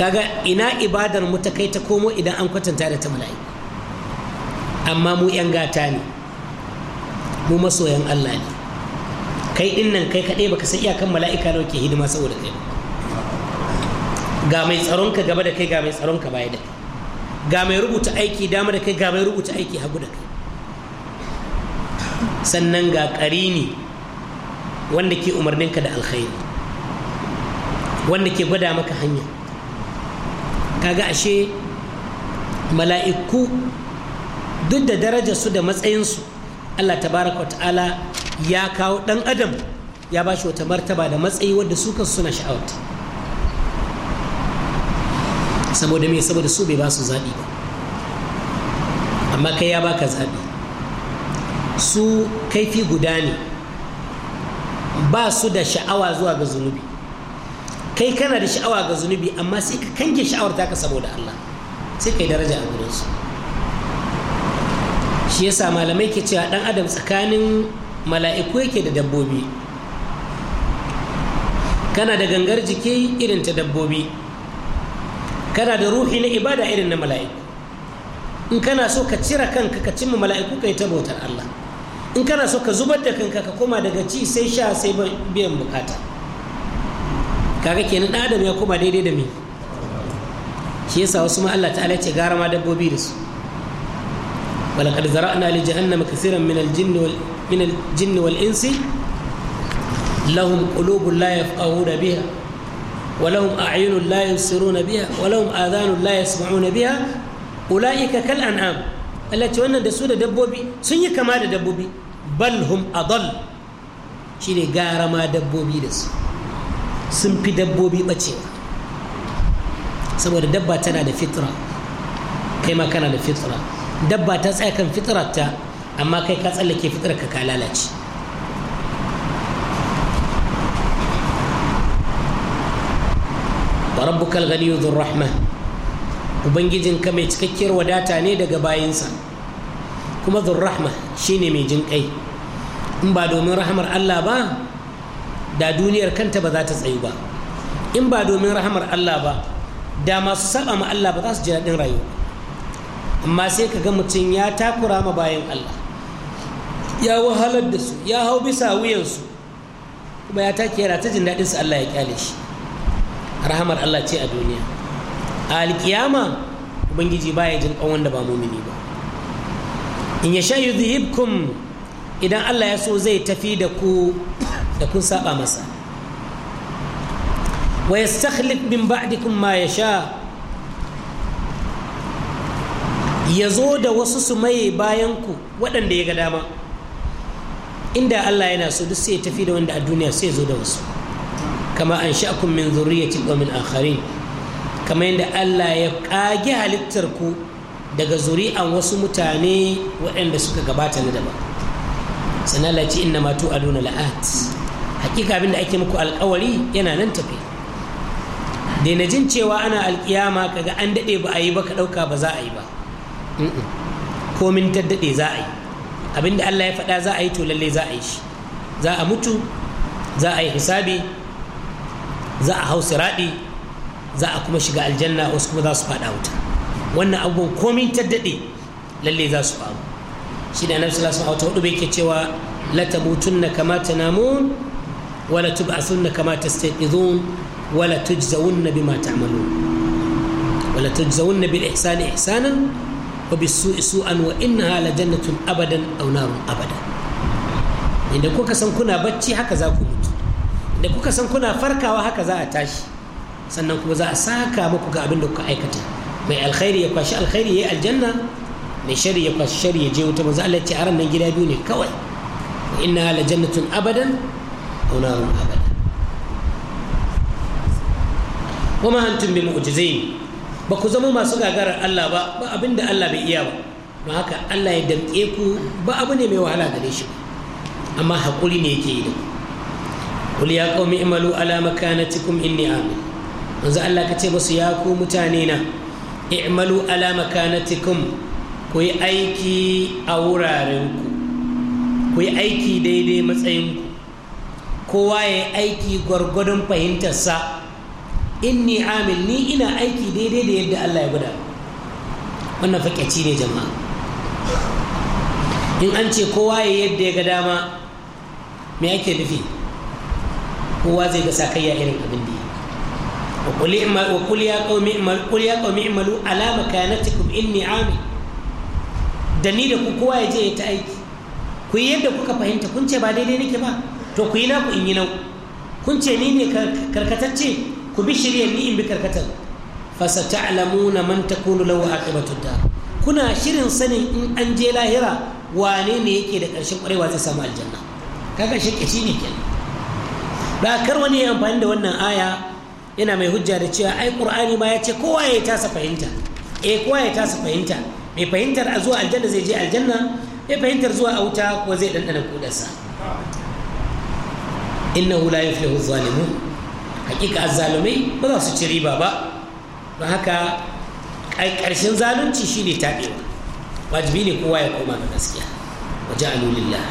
kaga ina ibadar mu ta kai ta komo idan an kwatanta da ta mala'iku amma mu 'yan gata ne mu masoyan Allah ne kai din nan kai kaɗai baka san iyakan mala'ika nawa ke hidima saboda kai ga mai tsaron ka gaba da kai ga mai tsaron ka baya da kai ga mai rubuta aiki dama da kai ga mai rubuta aiki hagu da kai sannan ga ƙarini wanda ke umarninka da alkhairi wanda ke gwada maka hanya kaga ashe mala'iku duk da su da matsayinsu allah tabaraka ta'ala ya kawo ɗan adam ya ba shi wata martaba da matsayi wadda su kan suna sha'awata saboda me saboda su bai ba su zaɓi ba amma kai ya baka zaɓi su kaifi guda ne ba su da sha'awa zuwa ga zunubi kai kana da sha'awa ga zunubi amma sai ka kange sha'awar taka saboda Allah sai kai daraja a gurinsu. su shi yasa malamai ke cewa dan adam tsakanin mala'iku yake da dabbobi kana da gangar jiki irin ta dabbobi kana da ruhi na ibada irin na mala'iku in kana so ka cira kanka ka cimma mala'iku kai ta bautar Allah in kana so ka zubar da kanka ka koma daga ci sai sha sai biyan bukata kaga kenan ɗan adam ya koma daidai da me shi yasa wasu ma Allah ta'ala ce gara ma dabbobi da su walaqad zara'na li jahannama kaseeran min al-jinn wal min al-jinn wal insi lahum qulubun la yafqahuna biha ولهم أعين لا يبصرون بها ولهم آذان لا da بها أولئك كالأنعام التي وانا دسودة دبوبي سنية كما دبوبي بل هم gara ma dabbobi da su. sun fi dabbobi ɓace saboda dabba tana da fitra kai ma kana da fitra dabba ta tsaya kan fitrarta amma kai ka tsallake fitrarka ka ka lalace wa rabbukal ghaniyu dhur rahma ubangijinka mai cikakkiyar wadata ne daga bayinsa kuma dhur rahma shine mai jin kai in ba domin rahamar Allah ba da duniyar kanta ba za ta tsayu ba in ba domin rahamar Allah ba da masu saba ma Allah ba za su ji daɗin rayuwa amma sai ka ga mutum ya takura ma bayan Allah ya wahalar da su ya hau bisa wuyansu kuma ya take yana ta jin daɗin su Allah ya kyale shi rahamar Allah ce a duniya a alkiyama ubangiji baya jin ƙan da ba mumini ba in ya sha yudhibkum idan Allah ya so zai tafi da ku da kun saba masa wa yastakhlif min ba'dikum ma ya sha ya zo da wasu su maye bayan ku waɗanda ya ga dama inda Allah yana so duk sai ya tafi da wanda a duniya sai zo da wasu kama an sha'akun min ya wa min akharin kama yadda Allah ya kage halittar ku daga zuri'an wasu mutane waɗanda suka gabata na daban sannan Allah matu inna matu la'at hakika abin ake muku alkawari yana nan tafi daina jin cewa ana alkiyama kaga an daɗe ba a yi ba ka ɗauka ba za a yi ba komin ta daɗe za a yi abin allah ya faɗa za a yi to lalle za a yi shi za a mutu za a yi hisabi za a hau siraɗi za a kuma shiga aljanna wasu kuma za su faɗa wuta wannan abubuwan komin ta daɗe lalle za su faru shi da annabi sallallahu alaihi wa sallam wata hudu bai ke cewa latamutunna kama tanamun wala kamata kama tastaqizun wala tujzawunna bima ta'malun wala tujzawunna bil ihsani ihsanan wa bis su'i su'an wa innaha la jannatun abadan aw narun abadan inda kuka san kuna bacci haka za ku mutu da kuka san kuna farkawa haka za a tashi sannan kuma za a saka maku ga abinda da kuka aikata mai alkhairi ya kwashi alkhairi ya aljanna mai ya ya wuta manzo Allah gida biyu ne kawai inna la abadan أو نار أبدا وما أنتم ba ku zama masu gagarar Allah ba ba Allah bai iya ba don haka Allah ya damƙe ku ba abu ne mai wahala gare shi amma haƙuri ne ke yi da ku qul ya qaumi imalu ala makanatikum inni amin manzo Allah ka ce musu ya ku mutane na i'malu ala makanatikum ku yi aiki a wuraren ku yi aiki daidai matsayin ku kowa ya yi aiki gwargwadon fahimtarsa inni amil ni ina aiki daidai da yadda Allah ya guda wannan faƙaci ne jama'a in an ce kowa ya yadda ya ga dama me ake nufi kowa zai ga sakayya irin abin da wa kul ya alama i'malu ala in ni amil da ni da ku kowa ya je ya ta aiki ku yi yadda kuka fahimta kun ce ba daidai nake ba to ku yi naku in yi nau kun ce ni ne karkatacce ku bi shirya ni in bi karkatar fasa manta man takunu a aqibatu dar kuna shirin sanin in an je lahira wane ne yake da ƙarshen ƙwarewa zai samu aljanna kaga shi ne ke da kar wani ya amfani da wannan aya yana mai hujja da cewa ai qur'ani ma ya ce kowa ya tasa fahimta eh kowa ya tasa fahimta mai fahimtar a zuwa aljanna zai je aljanna mai fahimtar zuwa a wuta ko zai ɗanɗana kudarsa innahu la yuflihu zalimun hakika azzalumai ba za su ci riba ba don haka karshen zalunci shine taɓewa wajibi ne kowa ya koma ga gaskiya وجعلوا لله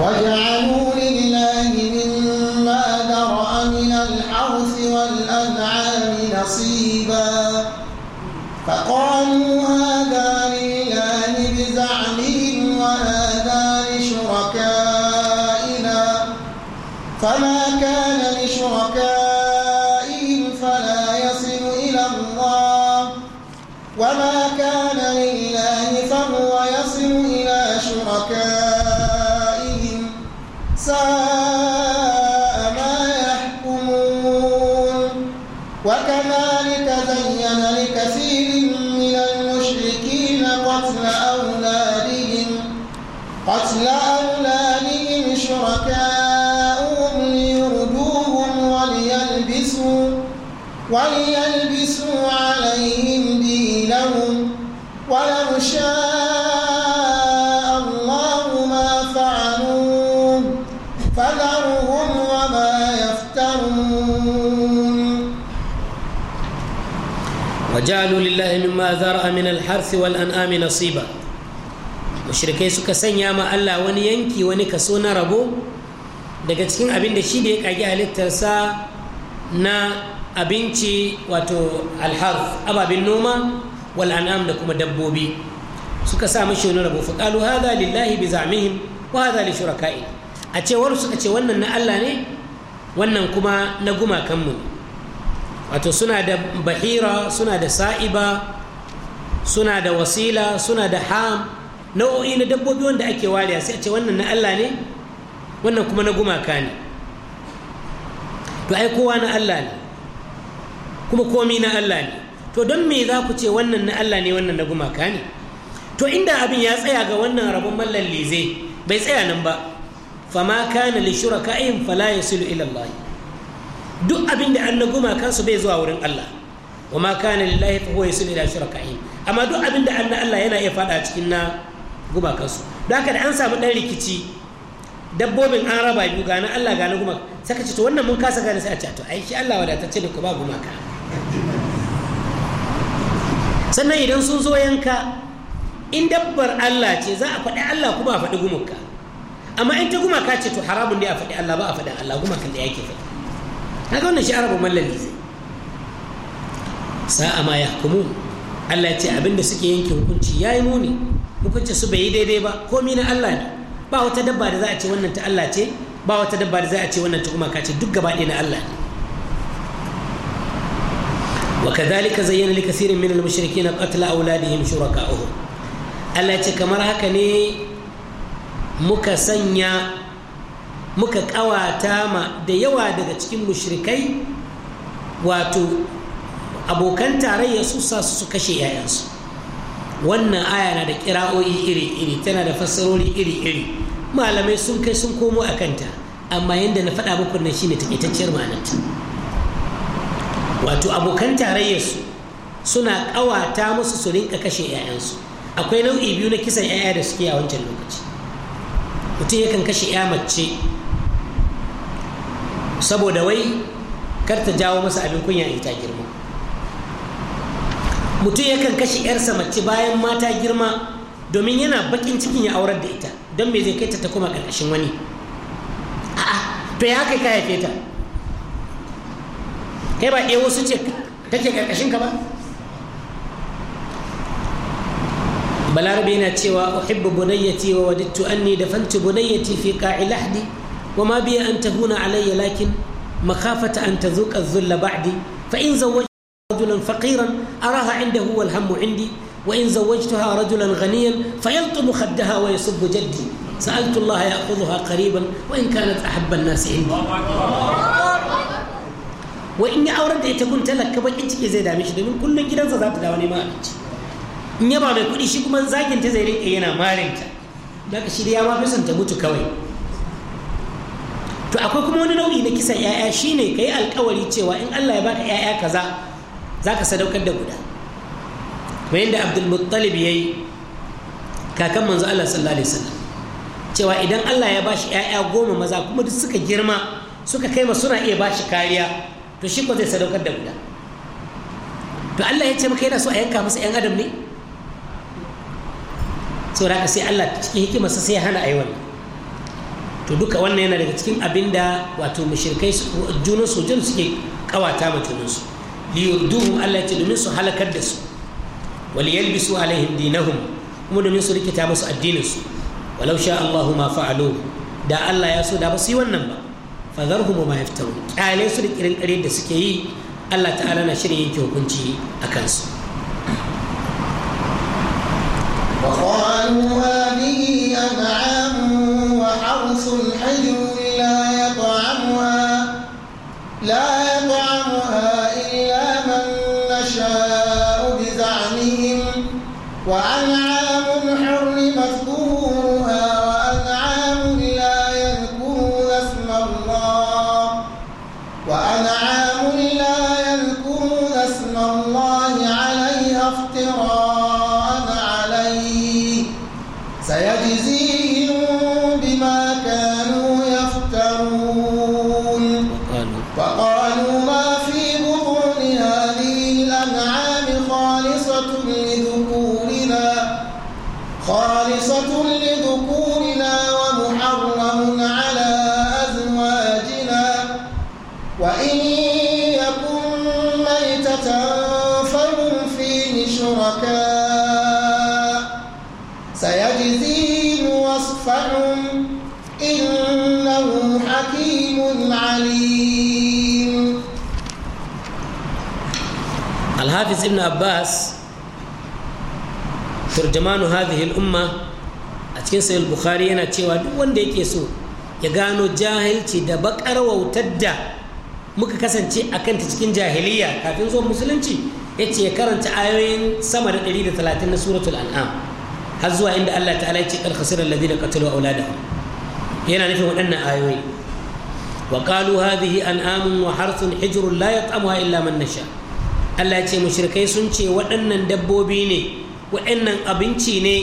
وجعلوا لله مما ذرأ من الحرث والأنعام نصيبا فقالوا هذا لله فما كان لشركائهم فلا يصل إلى الله وما كان لله فهو يصل إلى شركائهم ساء ما يحكمون وكذلك زين لكثير من المشركين قتل أولادهم قتل أولادهم شركائهم وليلبسوا عليهم دينهم ولو شاء الله ما فعلوه فذرهم وما يفترون وجعلوا لله مما ذرأ من الحرث والأنعام نصيبا mushrikai suka sanya ma Allah wani yanki wani kaso na rabo daga cikin abin da shi da ya kage halittarsa na abinci wato alharf ababin noma wal an'am da kuma dabbobi suka sa mishi wani rabo faƙalu haza lillahi bi zamihim wa haza li shuraka'i a cewar suka ce wannan na Allah ne wannan kuma na gumakan mu wato suna da bahira suna da sa'iba suna da wasila suna da ham nau'o'i na dabbobi wanda ake wariya sai a ce wannan na Allah ne wannan kuma na gumaka ne to ai kowa na Allah ne kuma komi na Allah ne to don me za ku ce wannan na Allah ne wannan na gumaka ne to inda abin ya tsaya ga wannan rabon mallan lize bai tsaya nan ba fama kana li shuraka'in fala yasilu ila Allah duk abin da an na gumakan su bai zuwa wurin Allah wa ma kana lillahi fa huwa yasilu ila shuraka'in amma duk abin da an na Allah yana iya fada cikin na gumakan su don haka da an samu dan rikici dabbobin an raba biyu ga na Allah ga na gumaka saka ce to wannan mun kasa gane sai a ce to ai shi Allah wadatacce da ku ba gumaka sannan idan sun zo yanka in dabbar Allah ce za a faɗi Allah kuma a faɗi gumunka amma in ta gumaka ce to haramun ne a faɗi Allah ba a faɗi Allah gumakan da yake faɗi ga wannan shi arabu mallami zai sa'a ma ya hukumu Allah ce abinda suke yanke hukunci ya yi muni hukunci su bai yi daidai ba komi na Allah ne ba wata dabba da za a ce wannan ta Allah ce ba wata dabba da za a ce wannan ta gumaka ce duk gaba ɗaya na Allah ne وكذلك زين لكثير من المشركين قتل أولادهم شركاؤهم Allah ce kamar haka ne muka sanya muka ƙawata ma da yawa daga cikin mushrikai wato abokan tarayya su sa su kashe 'ya'yansu wannan aya na da kira'o'i iri-iri tana da fassarori iri-iri malamai sun kai sun komo a kanta amma yadda na faɗa muku shi ne takaitacciyar ma'anarta wato abokan tarayyarsu suna ƙawata musu su rinka kashe 'ya'yansu akwai nau'i biyu na kisan 'ya'ya da suke a wancan lokaci mutum yakan kashe 'ya mace saboda wai kar ta jawo masa abin kunya a ta girma mutum yakan kashe 'yarsa mace bayan mata girma domin yana bakin cikin ya aurar da ita don me zai kai ta ta kuma ƙarƙashin wani a'a to ya kai ka haife ta kai ba ɗaya wasu ce take karkashin ka ba balarabe yana cewa uhibbu bunayyati wa wadittu anni dafantu bunayyati fi qa'i lahdi wa ma biya an tahuna alayya lakin makhafata an tazuqa dhulla ba'di fa in zawwajtu rajulan faqiran araha indahu wal hammu indi wa in zawwajtuha rajulan ghaniyan fayaltumu khaddaha wa yasubbu jaddi سألت الله wa in وإن كانت أحب الناس عندي wai in ya aurar da ita kun talaka bakin ciki zai dame shi domin kullum gidansa za ta dawo neman abinci in ya ba mai kuɗi shi kuma zagin ta zai rinka yana marinta da ka shirya ma ta mutu kawai to akwai kuma wani nau'i na kisan 'ya'ya shine ka yi alkawari cewa in allah ya baka 'ya'ya kaza za ka sadaukar da guda kamar yadda abdulmuttalib ya yi kakan manzo allah sallallahu alaihi wasallam cewa idan allah ya bashi 'ya'ya goma maza kuma duk suka girma suka kai ma suna iya bashi kariya to shi ko zai sadaukar da guda to Allah ya ce maka yana so a yanka masa yan adam ne saboda haka sai Allah cikin hikimarsa sai ya hana a yi wannan to duka wannan yana daga cikin abin da wato mushrikai junan su suke kawata ma junan su Allah ya ce domin su halakar da su wal su alaihim dinahum kuma domin su rikita musu addinin su walau sha Allahu ma fa'alu da Allah ya so da ba su yi wannan ba fadharhum ma yaftaru kyale su da kirin kare da suke yi Allah ta'ala na shirin yanke hukunci a kansu وقالوا هذه أنعام وحرث حجر لا الحافظ ابن عباس ترجمان هذه الأمة أتكين سيد البخاري أنا تشيوا دون ديك يسو يغانو جاهل تي دبك أروا وتدى muka kasance a kanta cikin jahiliya kafin zuwan musulunci ya ce ya karanta ayoyin sama da 130 na suratul an'am har zuwa inda Allah ta'ala ya ce ladina qatalu auladahum yana nufin waɗannan ayoyi Wakalu qalu hadhihi an'amun wa harthun hijrun la illa man nasha' Allah ce mushrikai sun ce waɗannan dabbobi ne waɗannan abinci ne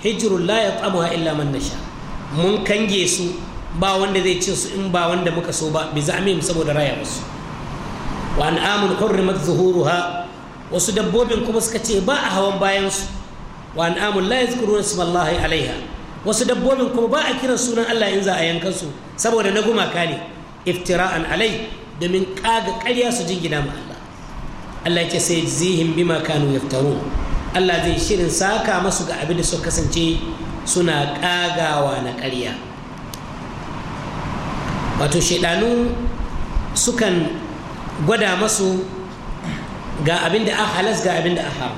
hijrul la yat'amuha illa man nasha mun kange su ba wanda zai cin su in ba wanda muka so ba bi za'mim saboda raya musu wa an'amun hurrimat zuhuruha wasu dabbobin kuma suka ce ba a hawan bayan su wa an'amun la yadhkuruna ismallahi alaiha wasu dabbobin kuma ba a kiran sunan Allah in za a yanka su saboda na gumaka ne iftira'an alai domin kaga ƙarya su jingina ma Allah ya ce sai zihin bima kanu yaftaru Allah zai shirin saka masu ga abin da suka kasance suna ƙagawa na ƙarya wato shaidanu sukan gwada masu ga abin da aka ah, halas ga abin da aka ah,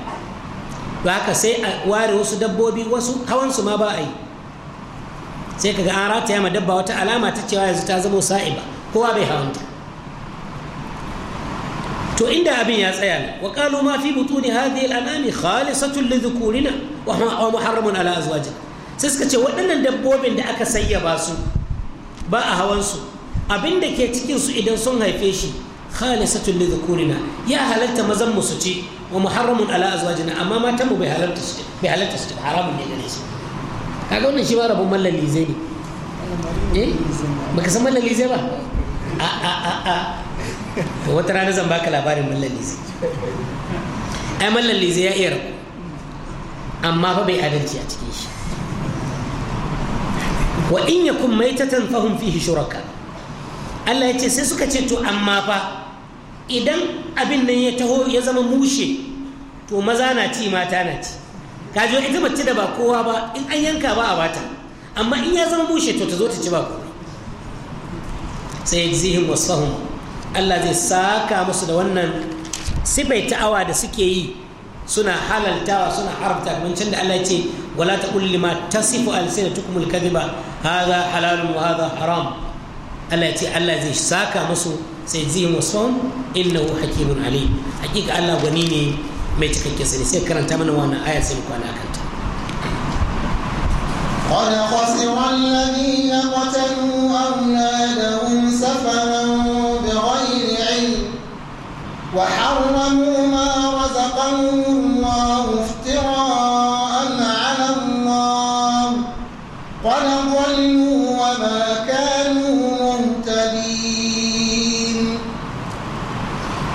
ba haka sai a ware wasu dabbobi wasu hawansu ma ba a yi sai kaga an rataya ma dabba wata alama ta cewa yanzu ta zama sa'iba kowa bai hawanta to inda abin ya tsaya ne wa qalu ma fi butuni hadhihi al-anami khalisatun li dhukurina wa huwa muharramun ala azwajin sai suka ce waɗannan dabbobin da aka sayyaba su ba a hawan su abin da ke cikin su idan sun haife shi khalisatun li dhukurina ya halatta mazan mu su ci wa muharramun ala azwajina amma matan mu bai halatta su bai halatta su haramun ne gare su kaga wannan shi ba rabon mallan lize ne eh baka san mallan lize ba a a a a to wata rana zan baka labarin mallan lizi ai mallan lizi ya iya amma fa bai adalci a cikin shi wa in yakun maitatan fahum fihi shuraka Allah ya ce sai suka ce to amma fa idan abin nan ya taho ya zama mushe to maza na ci mata na ci kaji ita mace da ba kowa ba in an yanka ba a bata amma in ya zama mushe to ta zo ta ci ba komai sai zihin wasu Allah zai saka musu da wannan sifai ta'awa da suke yi suna halaltawa suna haramta kamar can da Allah ya ce wala taqul lima tasifu alsinatukum alkadhiba haza halalun wa haza haram Allah ya ce Allah zai saka musu sai zai musu innahu hakimun ali hakika Allah gani ne mai cikakken sani sai karanta mana wannan aya sai mu kwana kanta قد خسر الذين قتلوا أولادهم سفرا وحرموا ما رزقهم الله افتراء على الله قد ضلوا وما كانوا مهتدين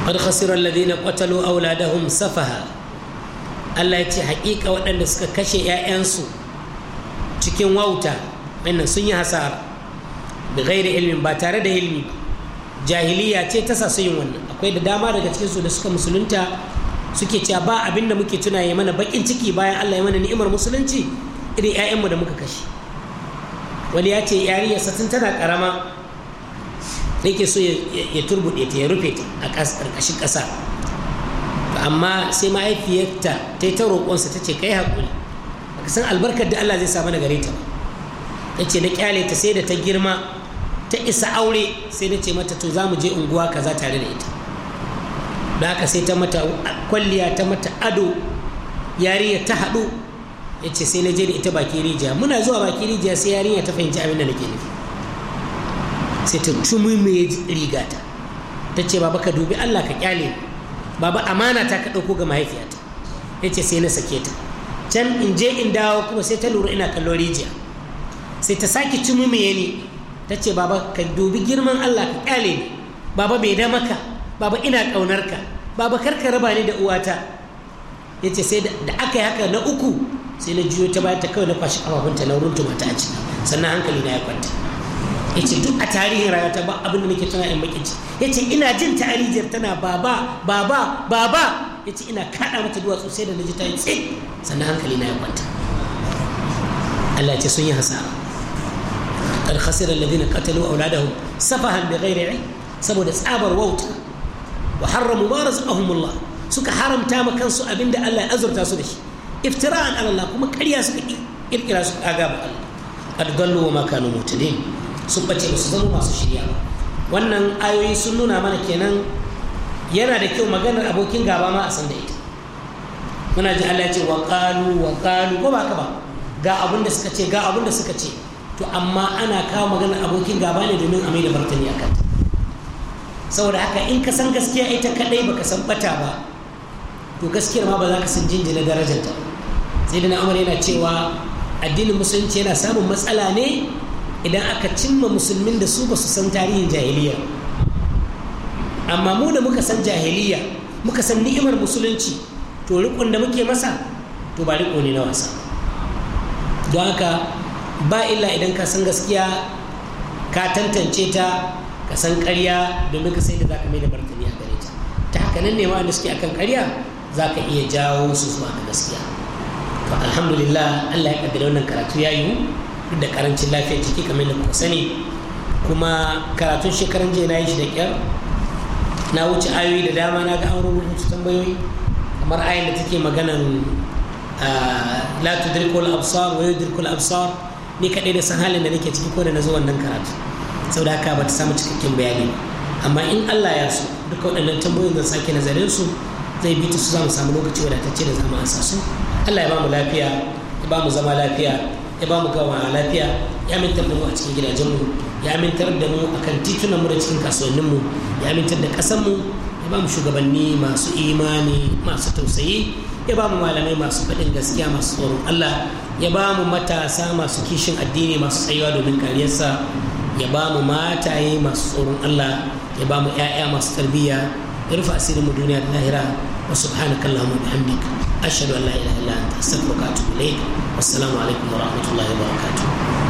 قد خسر الذين قتلوا أولادهم سفها Allah ya ce haƙiƙa waɗanda suka kashe 'ya'yansu cikin wauta wannan sun yi hasara da ilmin ba tare da ilmi jahiliya ce ta sa su yin wannan akwai da dama daga cikin su da suka musulunta suke cewa ba abinda muke tuna ya mana bakin ciki bayan Allah ya mana ni'imar musulunci irin ƴaƴanmu da muka kashe wani ya ce yariya satin tana karama da yake so ya turbuɗe ta ya rufe ta a ƙarƙashin ƙasa amma sai mahaifiyarta ta yi ta roƙonsa ta ce kai haƙuri baka san albarkar da Allah zai sa mana gare ta ta ce na kyale ta sai da ta girma ta isa aure sai na ce mata to za mu je unguwa kaza tare da ita da aka sai ta mata kwalliya ta mata ado yarinya ta haɗu ya ce sai na je da ita baki rijiya muna zuwa baki rijiya sai yarinya ta fahimci abin da nake nufi sai ta cumi mai rigata ta ce baba ka dubi allah ka kyale baba amana ta ka ɗauko ga mahaifiyata ya ce sai na sake ta can in je in dawo kuma sai ta lura ina kallon rijiya sai ta sake cumi mai ne ta ce baba ka dubi girman allah ka kyale ni baba bai da maka baba ina ƙaunarka baba karka raba ni da uwata ya ce sai da aka yi haka na uku sai na juyo ta bayan ta kawai na kwashi ƙafafunta na wurin tumata a ciki sannan hankali na ya kwanta ya ce duk a tarihin rayuwata ba abin da nake tana yan bakin ci ya ce ina jin ta alijiyar tana baba baba baba ya ce ina kaɗa mata duwatsu sai da na ji ta yi tsaye sannan hankali na ya kwanta Allah ce sun yi hasara قد خسر الذين قتلوا أولادهم safahan بغير علم saboda tsabar wauta. wa harramu ma razaqahumullah suka haramta ma kansu abinda Allah ya azurta su da shi iftira'an ala Allah kuma ƙarya suka kirkira su kaga ba Allah adgallu wa ma kanu mutadin sun bace su zama masu shirya wannan ayoyi sun nuna mana kenan yana da kyau maganar abokin gaba ma a san da ita muna ji Allah ya ce wa qalu wa qalu ko ba ka ba ga abinda suka ce ga abinda suka ce to amma ana kawo maganar abokin gaba ne domin a mai da martani akan ta saboda haka in ka san gaskiya ita kadai baka san bata ba to gaskiyar ma ba za ka san jinjina darajarta sai da na'amar yana cewa addinin musulunci yana samun matsala ne idan aka cimma musulmin da su ba su san tarihin jahiliya amma mu da muka san jahiliya muka san ni'imar musulunci to rikon da muke masa to ba riko ne na wasa don haka ba illa idan ka san gaskiya ka tantance ta ka san karya domin ka sai da za ka mai da martani a gare ta ta haka nan ne ma da suke akan karya za ka iya jawo su zuwa ga gaskiya to alhamdulillah allah ya kaddara wannan karatu ya yiwu duk da karancin lafiyar ciki kamar da ku sani kuma karatun shekaran jiya na yi shi da kyar na wuce ayoyi da dama na ga an su tambayoyi kamar ayin da take maganan ah, la tudrikul absar wa yudrikul absar ni kadai da san halin da nake ciki ko da na zo wannan karatu saudaka haka ba ta samu cikakken bayani amma in allah ya so duka waɗannan tambayoyin zan sake nazarin su zai bi ta su za mu samu lokaci wadatacce da zama an su allah ya ba mu lafiya ya ba mu zama lafiya ya ba mu gawa lafiya ya mintar da mu a cikin gidajenmu ya amintar da mu a kan mu da cikin kasuwanninmu ya amintar da ƙasanmu ya ba mu shugabanni masu imani masu tausayi ya ba mu malamai masu faɗin gaskiya masu tsoron Allah ya ba mu matasa masu kishin addini masu tsayuwa domin kariyarsa ya ba mu mataye masu tsoron Allah ya ba mu 'ya'ya masu tarbiyya ya rufe asirin mu duniya da lahira wa subhana allahumma bihamdik ashhadu an la ilaha illa anta astaghfiruka wa atubu ilayk wassalamu alaikum wa rahmatullahi wa barakatuh